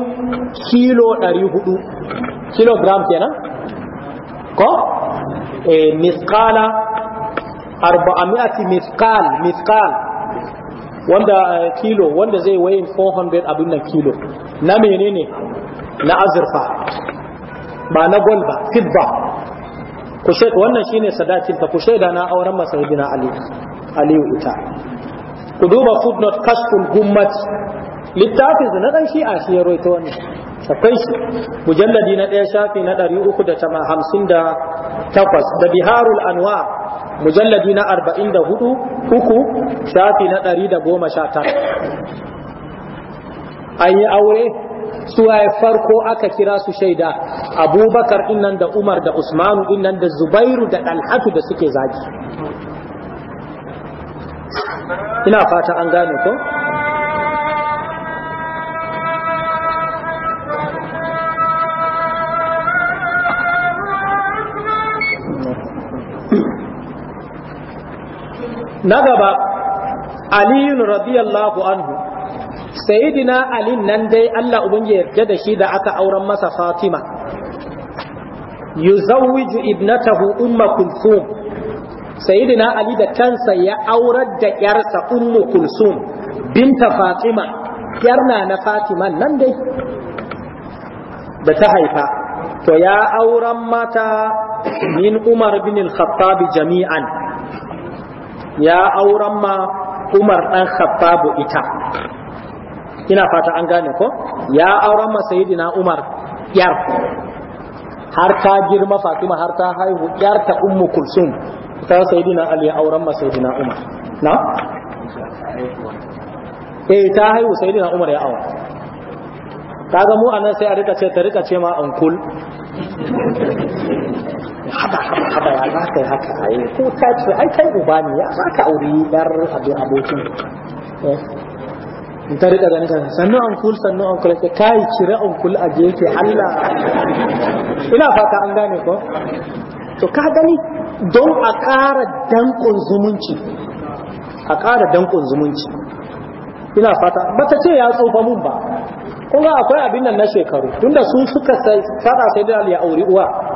kilo 400 kilogram kenan ko eh mithqala arba'ami'ati mithqal mithqal wanda eh, kilo wanda zai wayin 400 abin nan kilo na menene na azurfa ba na gold ba fidda ku wannan shine sadakin ta ku da na auren masarjina ali aliyu ita ku duba footnote kashful gummat littafin na dan shi'a shi ya roito wannan akwai shi mujalladi na ɗaya shafi na ɗari uku da takwas da biharul anwa. mujalladi na arba'in da hudu uku shafi na ɗari da goma sha tara an yi aure suwaye farko aka kira su shaida abubakar nan da umar da usmanu ina da zubairu da dalhatu da suke zagi ina fata an gane ko na gaba aliyun radiyallahu anhu sayidina ali nan dai Allah ubangi yarda da shi da aka auren masa Fatima yuzawwiju ibnatahu umma kulthum sayidina ali da kansa ya aurar da yarsa ummu kulsum binta fatima yarna na fatima nan dai da ta haifa to ya auren mata min umar bin al-khattab jami'an ya auren ma Umar ɗan Khattabu ita ina fata an gane ko ya auren ma Sayyidina Umar yar har ta girma Fatima har ta haihu yar ta Ummu Kulsum ta Sayyidina Ali ya auren ma Sayyidina Umar na eh ta haihu Sayyidina Umar ya aure kaga mu anan sai a rika ce ta rika ce ma ankul haba haba haba ya za ka yi haka a yi ko ta ce ai kai uba ne ya za ka auri yar abin abokin eh. in ta riƙa ganin kan sannu an kul sannu an kula kul kai kira an kul a gefe Allah ina fata an gane ko to ka gani don a ƙara danƙon zumunci a ƙara danƙon zumunci ina fata ba ce ya tsofa mun ba kuma akwai abin nan na shekaru tunda sun suka fada sai da ya auri uwa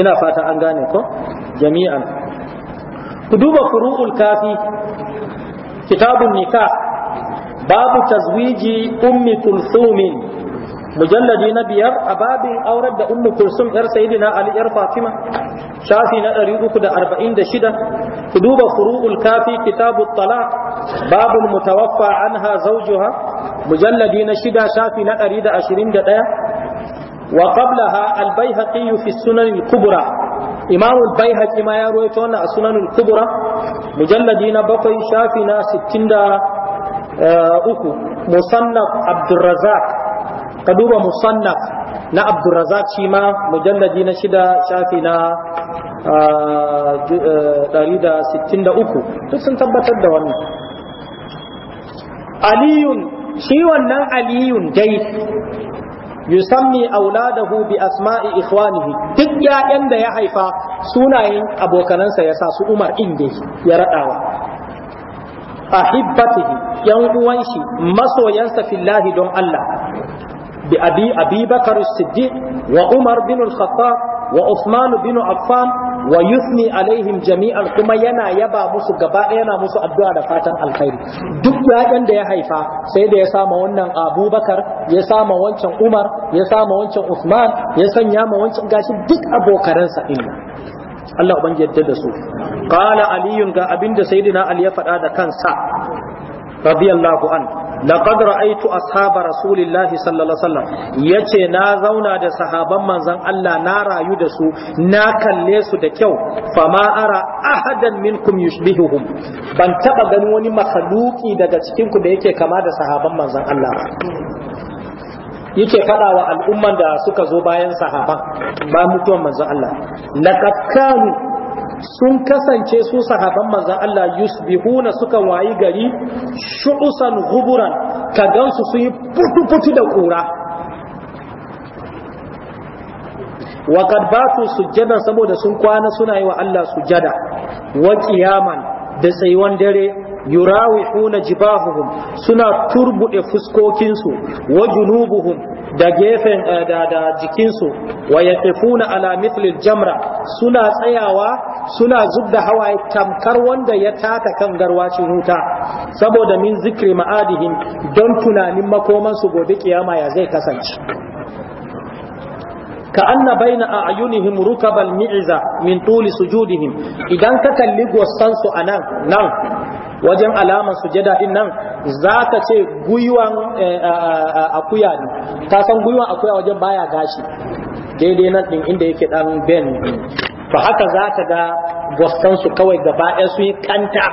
ina fata an gane ko jami'an ku duba furu'ul kafi kitabun nikah babu tazwiji ummi kulthumin mujalladi na biyar a babin aurar da ummi kulsum yar sayyidina ali yar fatima shafi na 346 ku duba furu'ul kafi kitabu talaq babu mutawaffa anha zawjuha mujalladi na shida shafi na 121 وقبلها البيهقي في السنن الكبرى إمام البيهقي ما يروي تونا السنن الكبرى مجلدين بقي شافنا ستين دا أكو مصنف عبد الرزاق قدوب مصنف نا عبد الرزاق شيما مجلدين شدا شافنا ɗari da sittin da uku duk sun tabbatar da wannan aliyun shi wannan aliyun dai yusammi auladahu bi asma'i ikhwanihi duk ya'yan da ya haifa sunayen abokanansa ya sa su Umar inda ya radawa ahibbatihi yan uwan shi masoyansa fillahi don Allah bi abi Bakar siddiq wa umar bin al-khattab wa Usman bin Affan wa yusni alaihim jami'an kuma yana yaba musu gaba yana musu addu'a da fatan alkhairi duk yayan da ya haifa sai da ya sama wannan Abubakar ya sama wancan Umar ya sama wancan Usman ya sanya ma wancan gashi duk abokaransa inna Allah ubangi yadda da su qala aliyun ga abinda sayyidina ali ya faɗa da kansa radiyallahu anhu laqad ra'aytu ashaba rasulillahi sallallahu alaihi wasallam yace na zauna da sahaban manzon Allah na rayu da su na kalle su da kyau fa ma ara ahadan minkum yushbihuhum ban taba ganin wani makhluki daga cikin ku da yake kama da sahaban manzon Allah yake faɗa wa al'umman da suka zo bayan sahaban ba mutuwan manzon Allah laqad kanu sun kasance su sahaban manzan Allah yusbihuna suka wayi gari shu'usan huburan ka gansu sun yi putu-putu da kura wa kad su sujjada saboda sun kwana suna yi wa Allah sujjada wa qiyaman da tsayuwan dare yurawihuna jibahuhum suna turbude fuskokinsu wa junubuhum da gefen eh, da da jikinsu wa yaqifuna ala mithli jamra suna tsayawa suna zubda hawaye tamkar wanda ya tata kan garwacin huta saboda min zikri ma'adihim don tunanin makomansu gobe kiyama ya zai kasance ka كأن بين أعينهم ركب المعزة من طول سجودهم إذا كتلقوا السنس أنا nan. wajen alaman sujada din nan za ka ce gwiwan eh, akuya ne san gwiwan akuya wajen baya gashi daidai nan din inda yake dan ben to haka za ka ga su kawai gaba ɗaya su yi kanta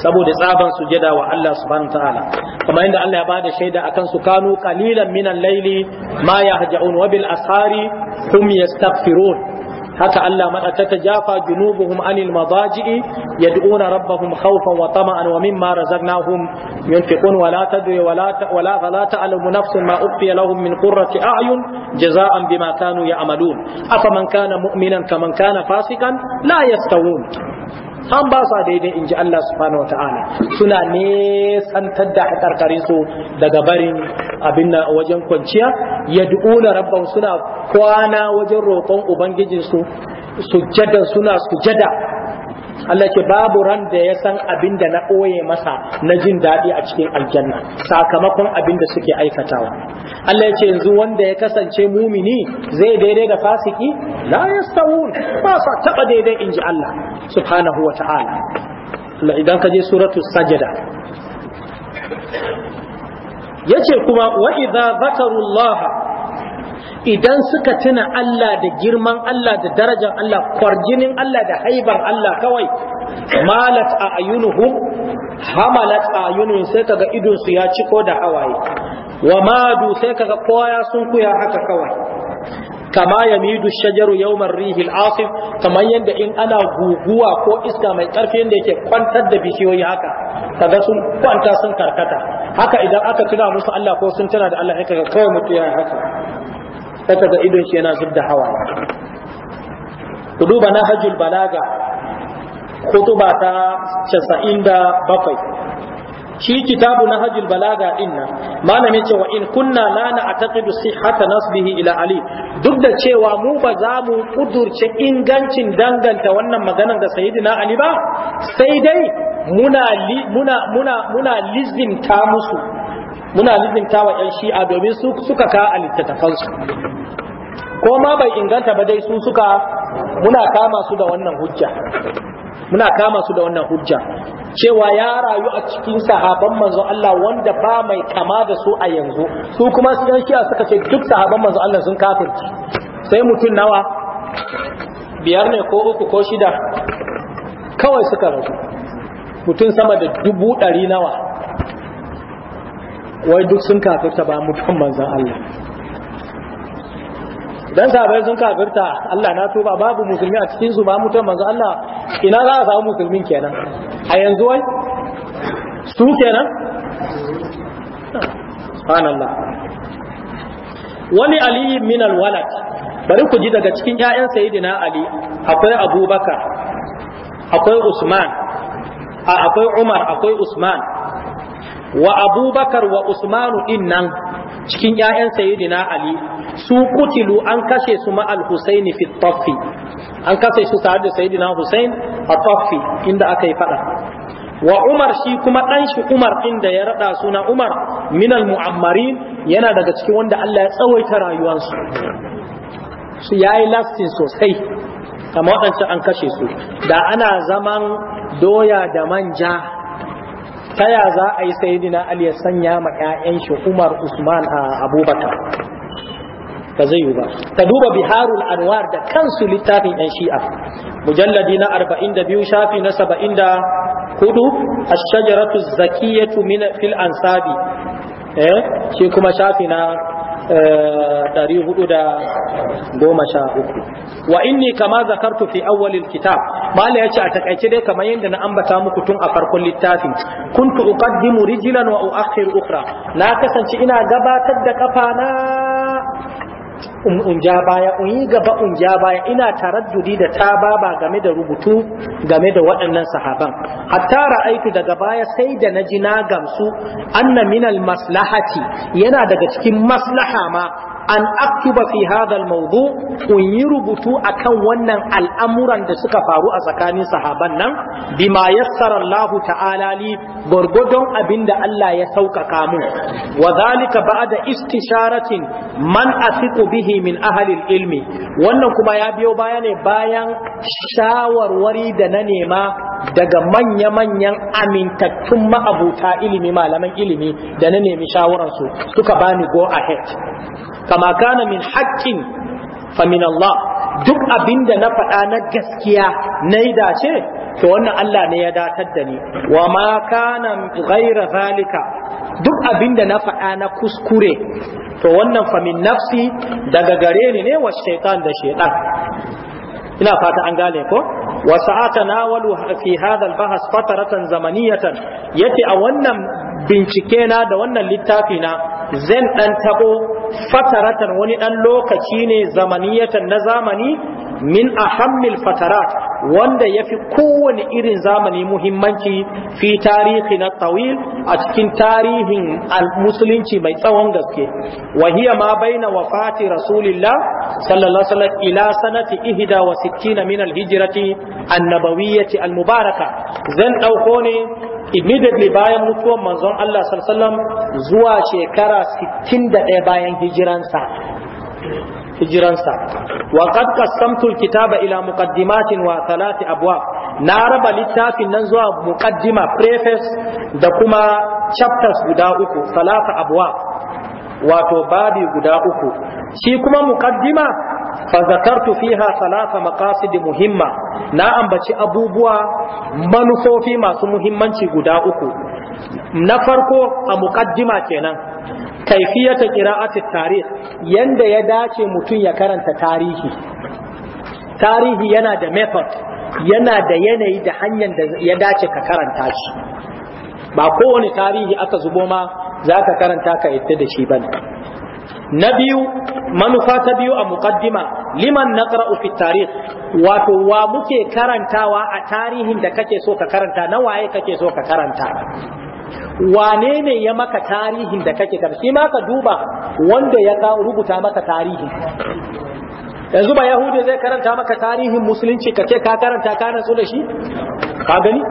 saboda tsaban sujada wa Allah subhanahu ta'ala kamar inda Allah ya bada shaida akan su kanu qalilan minan laili layli ma yahja'un wa bil ashari hum yastaghfirun haka Allah madaka ta tajafa junubuhum anil madaji'i yad'una rabbahum khawfan wa tama'an wa mimma razaqnahum yunfiqun wa la tadri wa la wa la la ta'lamu nafsun ma ukhfiya lahum min qurrati a'yun jaza'an bima kanu ya'malun afaman kana mu'minan kaman kana fasikan la yastawun an ba su daidai in ji Allah subhanahu wa ta'ala suna nesantar da karkarin su daga barin abin na wajen kwanciya ya du'una rabban suna kwana wajen roƙon ubangijinsu sujjada suna sujjada Allah ce babu ran da ya san abin da na ɓoye masa na jin daɗi a cikin aljanna sakamakon abin da suke aikatawa Allah ya ce yanzu wanda ya kasance mumini zai daidai da fasiki la yastawun ba sa taɓa daidai in ji Allah subhanahu wa ta'ala idan ka je suratu sajada Ya ce kuma wa idza zakarullaha idan suka tuna Allah da girman Allah da darajar Allah kwarjinin Allah da haibar Allah kawai malat a ayunuhum hamalat a ayunuhum sai kaga idonsu ya ci ko da hawaye wa madu sai kaga koya sun kuya haka kawai kama ya midu shajaru yawmar rihil asif kamar yadda in ana guguwa ko iska mai karfi yadda yake kwantar da bishiyoyi haka kaga sun kwanta sun karkata haka idan aka tuna musu Allah ko sun tana da Allah haka kawai mutu ya haka sai ga idon shi yana zub da ku duba na hajjul balaga kutuba ta bakwai. shi kitabu na hajjul balaga din nan malamin cewa in kunna la na ataqidu sihhata nasbihi ila ali duk da cewa mu ba za mu kudurce ingancin danganta wannan maganar da na ali ba sai dai muna muna lizimta musu muna lizinta wa 'yan shi'a domin su suka ka a littattafansu ko ma bai inganta ba dai sun suka muna kama su da wannan hujja muna kama su da wannan hujja cewa ya rayu a cikin sahaban manzo Allah wanda ba mai kama da su a yanzu su kuma su yan shi'a suka ce duk sahaban manzo Allah sun kafirci sai mutum nawa biyar ne ko uku ko shida kawai suka rasu mutum sama da dubu ɗari nawa wai duk sun kafirta ba mutum manzan Allah dan sabai sun kafirta Allah na tuba babu musulmi a cikin su ba mutum manzan Allah ina za a samu musulmin kenan a yanzu wai su kenan subhanallah wani ali min alwalad bari ku ji daga cikin ƴaƴan sayyidina ali akwai abubakar akwai usman akwai umar akwai usman wa abubakar wa usmanu din cikin 'ya'yan sayyidina ali su kutilu an kashe su ma'al husaini fi taffi an kashe su tare da sayyidina husain a taffi inda aka yi fada wa umar shi kuma dan shi umar inda ya rada suna umar minal mu'ammarin yana daga cikin wanda Allah ya tsawaita rayuwarsu su yi lasting sosai amma waɗancan an kashe su da ana zaman doya da manja ta ya za a yi sayidina ali ya sanya ma 'ya'yan shi umar usman a abubakar ba zai yi ba ta duba biharul anwar da kansu littafin yan shi'a mujalladi na 42 shafi na 74 ash zakiyatu min fil ansabi eh shi kuma shafi na 413 eh, wa inni kama zakartu fi awwalil kitab mala yace a takaice dai kamar yadda na ambata muku tun a farkon littafin kuntu uqaddimu rijlan wa uakhiru ukhra na kasance ina gabatar da kafana unja baya unyi gaba unja baya ina taraddudi da ta baba game da rubutu game da waɗannan sahaban hatta ra'aitu daga baya sai da na ji na gamsu anna minal maslahati yana daga cikin maslaha ma an aktuba fi hadha al kun yi rubutu akan wannan al'amuran da suka faru a tsakanin sahaban nan bima yassara Allah ta'ala li gurgudun abinda Allah ya sauƙaƙa mu wa zalika ba'da istisharatin man asiqu bihi min ahli ilmi wannan kuma ya biyo baya ne bayan shawarwari da na nema daga manya-manyan amintattun ma'abuta ilimi malaman ilimi da na nemi shawararsu suka bani go ahead kama kana min haƙƙin fa Allah duk abinda na faɗa na gaskiya na yi dace to wannan Allah ne ya datar da ni wa ma kana ghaira zalika duk abinda na faɗa na kuskure to wannan fa min nafsi daga gare ni ne wa shaitan da shaitan ina fata an gane ko wa sa'atanawalu fi hadha al-bahs fataratan zamaniyatan yace a wannan bincike na da wannan littafi na zan ɗan taɓo fataratan wani ɗan lokaci ne zamaniyatan na zamani min ahammil fatarat wanda ya fi kowane irin zamani muhimmanci fi tarihi na tawil a cikin tarihin musulunci mai tsawon gaske wahiya ma baina wafati rasulillah sallallahu alaihi ila sanati ihda wa sittina min alhijrati al almubaraka zan dauko ne immediately bayan mutuwar manzon Allah sallallahu alaihi zuwa shekara 61 bayan hijiransa hijiransa wa qad qasamtu alkitaba ila muqaddimatin wa thalathi abwab na raba littafin nan zuwa muqaddima preface da kuma chapters guda uku salata abwab wato babi guda uku shi kuma muqaddima fa zakartu fiha salasa maqasid muhimma na ambaci abubuwa manufofi masu muhimmanci guda uku na farko a muqaddima kenan kaifiyata qira'ati tarih yanda ya dace mutum ya karanta tarihi tarihi yana da method yana da yanayi da hanyar da ya dace ka karanta shi ba kowane tarihi aka zubo ma za ka karanta ka yadda da shi bane na biyu manufa ta biyu a muqaddima liman naqra'u fi tarikh wato wa muke karantawa a tarihin da kake so ka karanta na waye kake so ka karanta wane ne ya maka tarihin da kake karanta shi ma ka duba wanda ya rubuta maka tarihin yanzu ba yahudi zai karanta maka tarihin musulunci ka ce ka karanta ka natsu da shi ka gani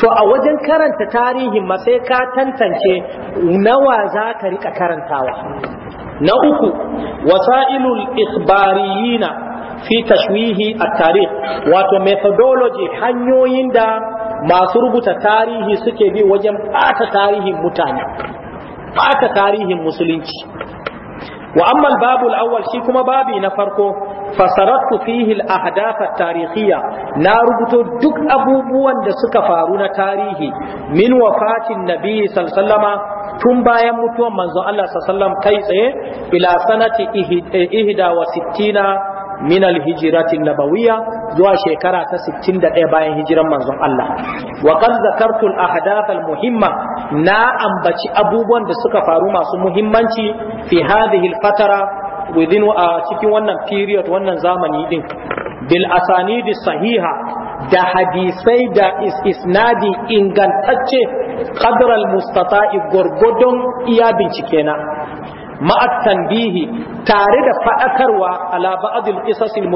to a wajen karanta tarihin ma sai ka tantance nawa za ka rika karantawa نأكو وسائل الإخباريين في تشويه التاريخ واتو ميثودولوجي حنيو يندا ما سربت تاريخ سكي بي وجم آت تاريخ متانع آت تاريخ مسلين وأما الباب الأول شيكما بابي نفركو فسرت فيه الأهداف التاريخية ناربت دك أبوبوا دسك فارون تاريخ من وفاة النبي صلى الله عليه وسلم tun bayan mutuwan manzon Allah sallallahu kai tsaye ila sanati eh, ihda wa sittina min al-hijrati nabawiyya zuwa shekara ta 61 bayan hijiran manzon Allah wa qad zakartu al-ahdath al-muhimma na ambaci abubuwan da suka faru masu muhimmanci fi hadhihi al-fatara within a cikin wannan period wannan zamani din bil asanidi sahiha da hadisai da isnadi ingantacce qadra al-mustata'i gurgudun iya bincike na ma'a tare da faɗakarwa ala ba'dil qisas al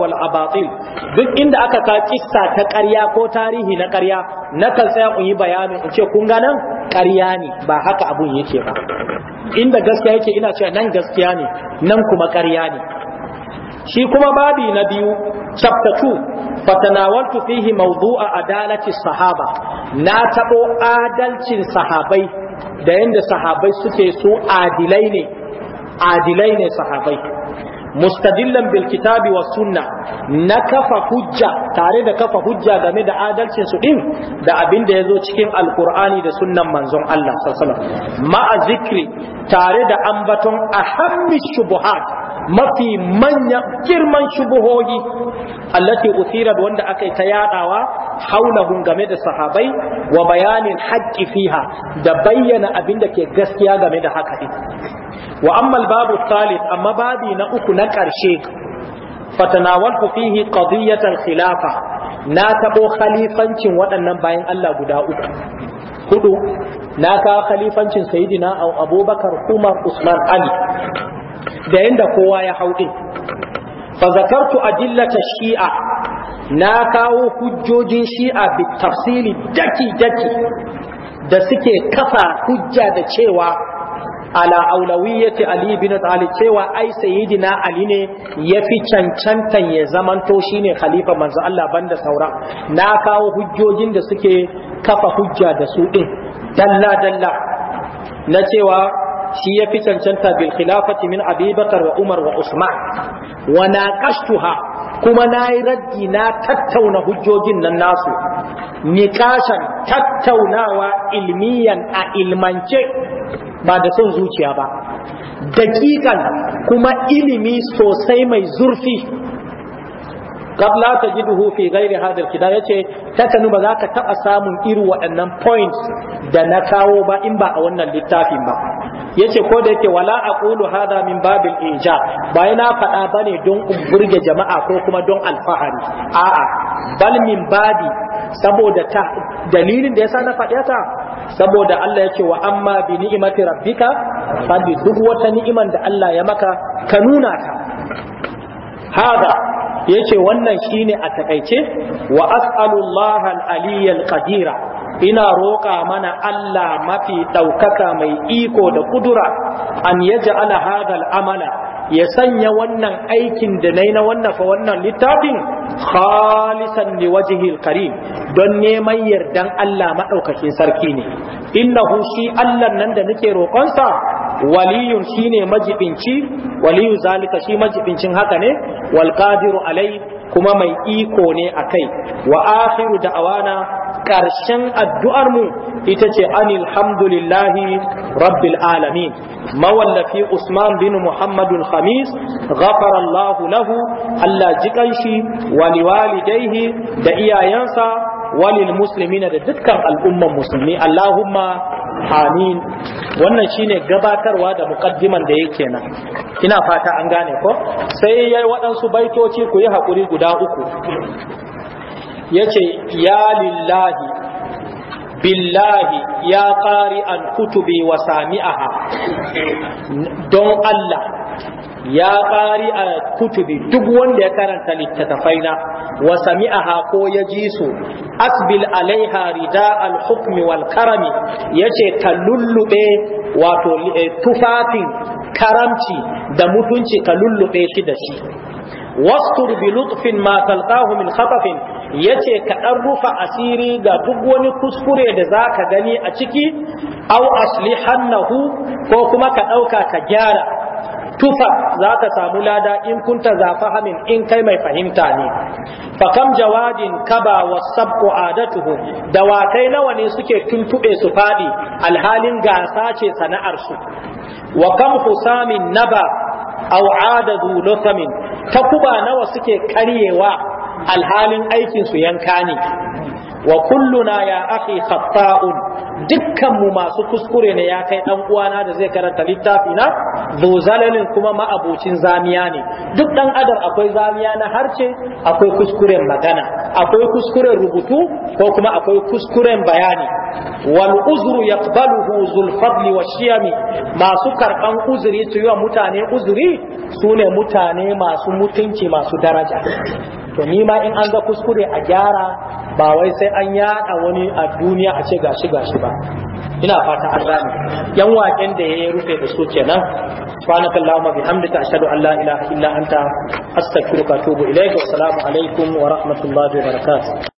wal abatil duk inda aka ka ta ƙarya ko tarihi na ƙarya na kan tsaya ku yi bayani in ce kun ga nan ƙarya ne ba haka abun yake ba inda gaskiya yake ina cewa nan gaskiya ne nan kuma ƙarya ne shi kuma babi na biyu chapter 2 fatanawaltu fihi mawdu'a adalati sahaba na tabo adalcin sahabai da yanda sahabai suke su adilai ne adilai ne sahabai mustadillan bil kitabi was sunna na kafa hujja tare da kafa hujja game da adalcin su din da abin da yazo cikin alqur'ani da sunnan manzon Allah sallallahu alaihi wasallam ma'a zikri tare da ambaton ahammi shubuhat mafi manya girman shubuhohi allati uthira wanda aka yi ta yadawa haulahum game da sahabai wa bayanin haqqi fiha da bayyana abin da ke gaskiya game da haka din wa babu thalith amma babi na uku na karshe Fatanawar fihi qadiyat al-khilafa na tabo khalifancin waɗannan bayan Allah guda uku hudu na ka khalifancin sayyidina abubakar umar usman ali da yanda kowa ya hau din fa zakartu adillata shi'a na kawo hujjojin shi'a bi tafsili daki daki da suke kafa hujja da cewa ala aulawiyyati ali bin talib cewa ai sayyidina ali ne yafi cancantan ya zamanto shine khalifa manzo Allah banda saura na kawo hujjojin da suke kafa hujja da su din dalla dalla na cewa shi ya fi cancanta bil khilafati min Abi Bakar wa Umar wa Usman wa naqashtuha kuma nayi raddi na tattauna hujjojin nan nasu niqashan tattaunawa ilmiyan a ilmance ba da son zuciya ba Daƙiƙan kuma ilimi sosai mai zurfi قبل لا تجده في غير هذا yace takanu ba za ka taba samun irin waɗannan points da na kawo ba in ba a wannan littafin ba yace ko da yake wala aqulu hada min babil inja bai na faɗa bane don in burge jama'a ko kuma don alfahari a'a bal min babi saboda ta dalilin da yasa na faɗa ta saboda Allah yake wa amma bi ni'imati rabbika fadi duk wata ni'iman da Allah ya maka ka nuna ta hada yace wannan shine a takaice wa as'alullaha al-aliyyal qadira ina roƙa mana Allah mafi ɗaukaka mai iko da kudura an ya ja'ala hadal amala ya sanya wannan aikin da na yi na wannafa wannan littafin khalisan ne waje karim don neman yardan Allah maɗaukakin sarki ne innahu shi Allah nan da nake roƙonsa waliyun shine majibinci waliyu zalika shi majibincin haka ne Walƙadiru alai kuma mai iko ne a kai? wa da awana? ƙarshen addu'armu ita ce an alhamdulillahi rabbil alamin mawallafi Usman bin Muhammadul Khamis ghafarallahu lahu Allah jikan shi wani walidaihi da iyayensa musulmi na da dukkan al'umman musulmi Allahumma amin wannan shine gabatarwa da mukaddiman da yake nan ina fata an gane ko sai yayi waɗansu baitoci ku yi haƙuri guda uku yace ya lillahi billahi ya ƙari an kutubi wa sami'aha don Allah ya ƙari a kutubi duk wanda ya karanta na, wa sami'aha ko ya ji su asbil alaiha rida al-hukmi wal karami yace ka lullube wato eh, tufafin karamci da mutunci ka lullube shi da shi wastur bi lutfin ma talqahu min khatafin yace ka dan rufa asiri ga duk wani kuskure da zaka gani a ciki aw aslihannahu ko kuma ka dauka ka gyara tufa zaka samu lada in kunta za fahamin in kai mai fahimta ne fa kam jawadin kaba wasabqu adatuhu dawakai nawa ne suke tuntube su fadi alhalin gasa ce sana'ar su wa kam husamin naba aw adadu luthamin takuba nawa suke karyewa alhalin aikin su yanka ne wa kulluna ya akhi khata'un dukkan mu masu kuskure ne ya kai ɗan uwana da zai karanta littafi na zalalin kuma ma'abocin zamiya ne duk ɗan adam akwai zamiya na harce akwai kuskuren magana akwai kuskuren rubutu ko kuma akwai kuskuren bayani wal uzru yaqbaluhu zul fadli wa shiyami masu karɓan uzuri su yi mutane uzuri Sune mutane masu mutunci masu daraja to ni ma in an ga kuskure a gyara ba wai sai an yada wani a duniya a ce gashi gashi ba ina fata an rami yan waken da ya rufe da su kenan subhanak allahumma bihamdika ashhadu an la ilaha illa anta astaghfiruka wa atubu ilayk wa assalamu alaikum wa rahmatullahi wa barakatuh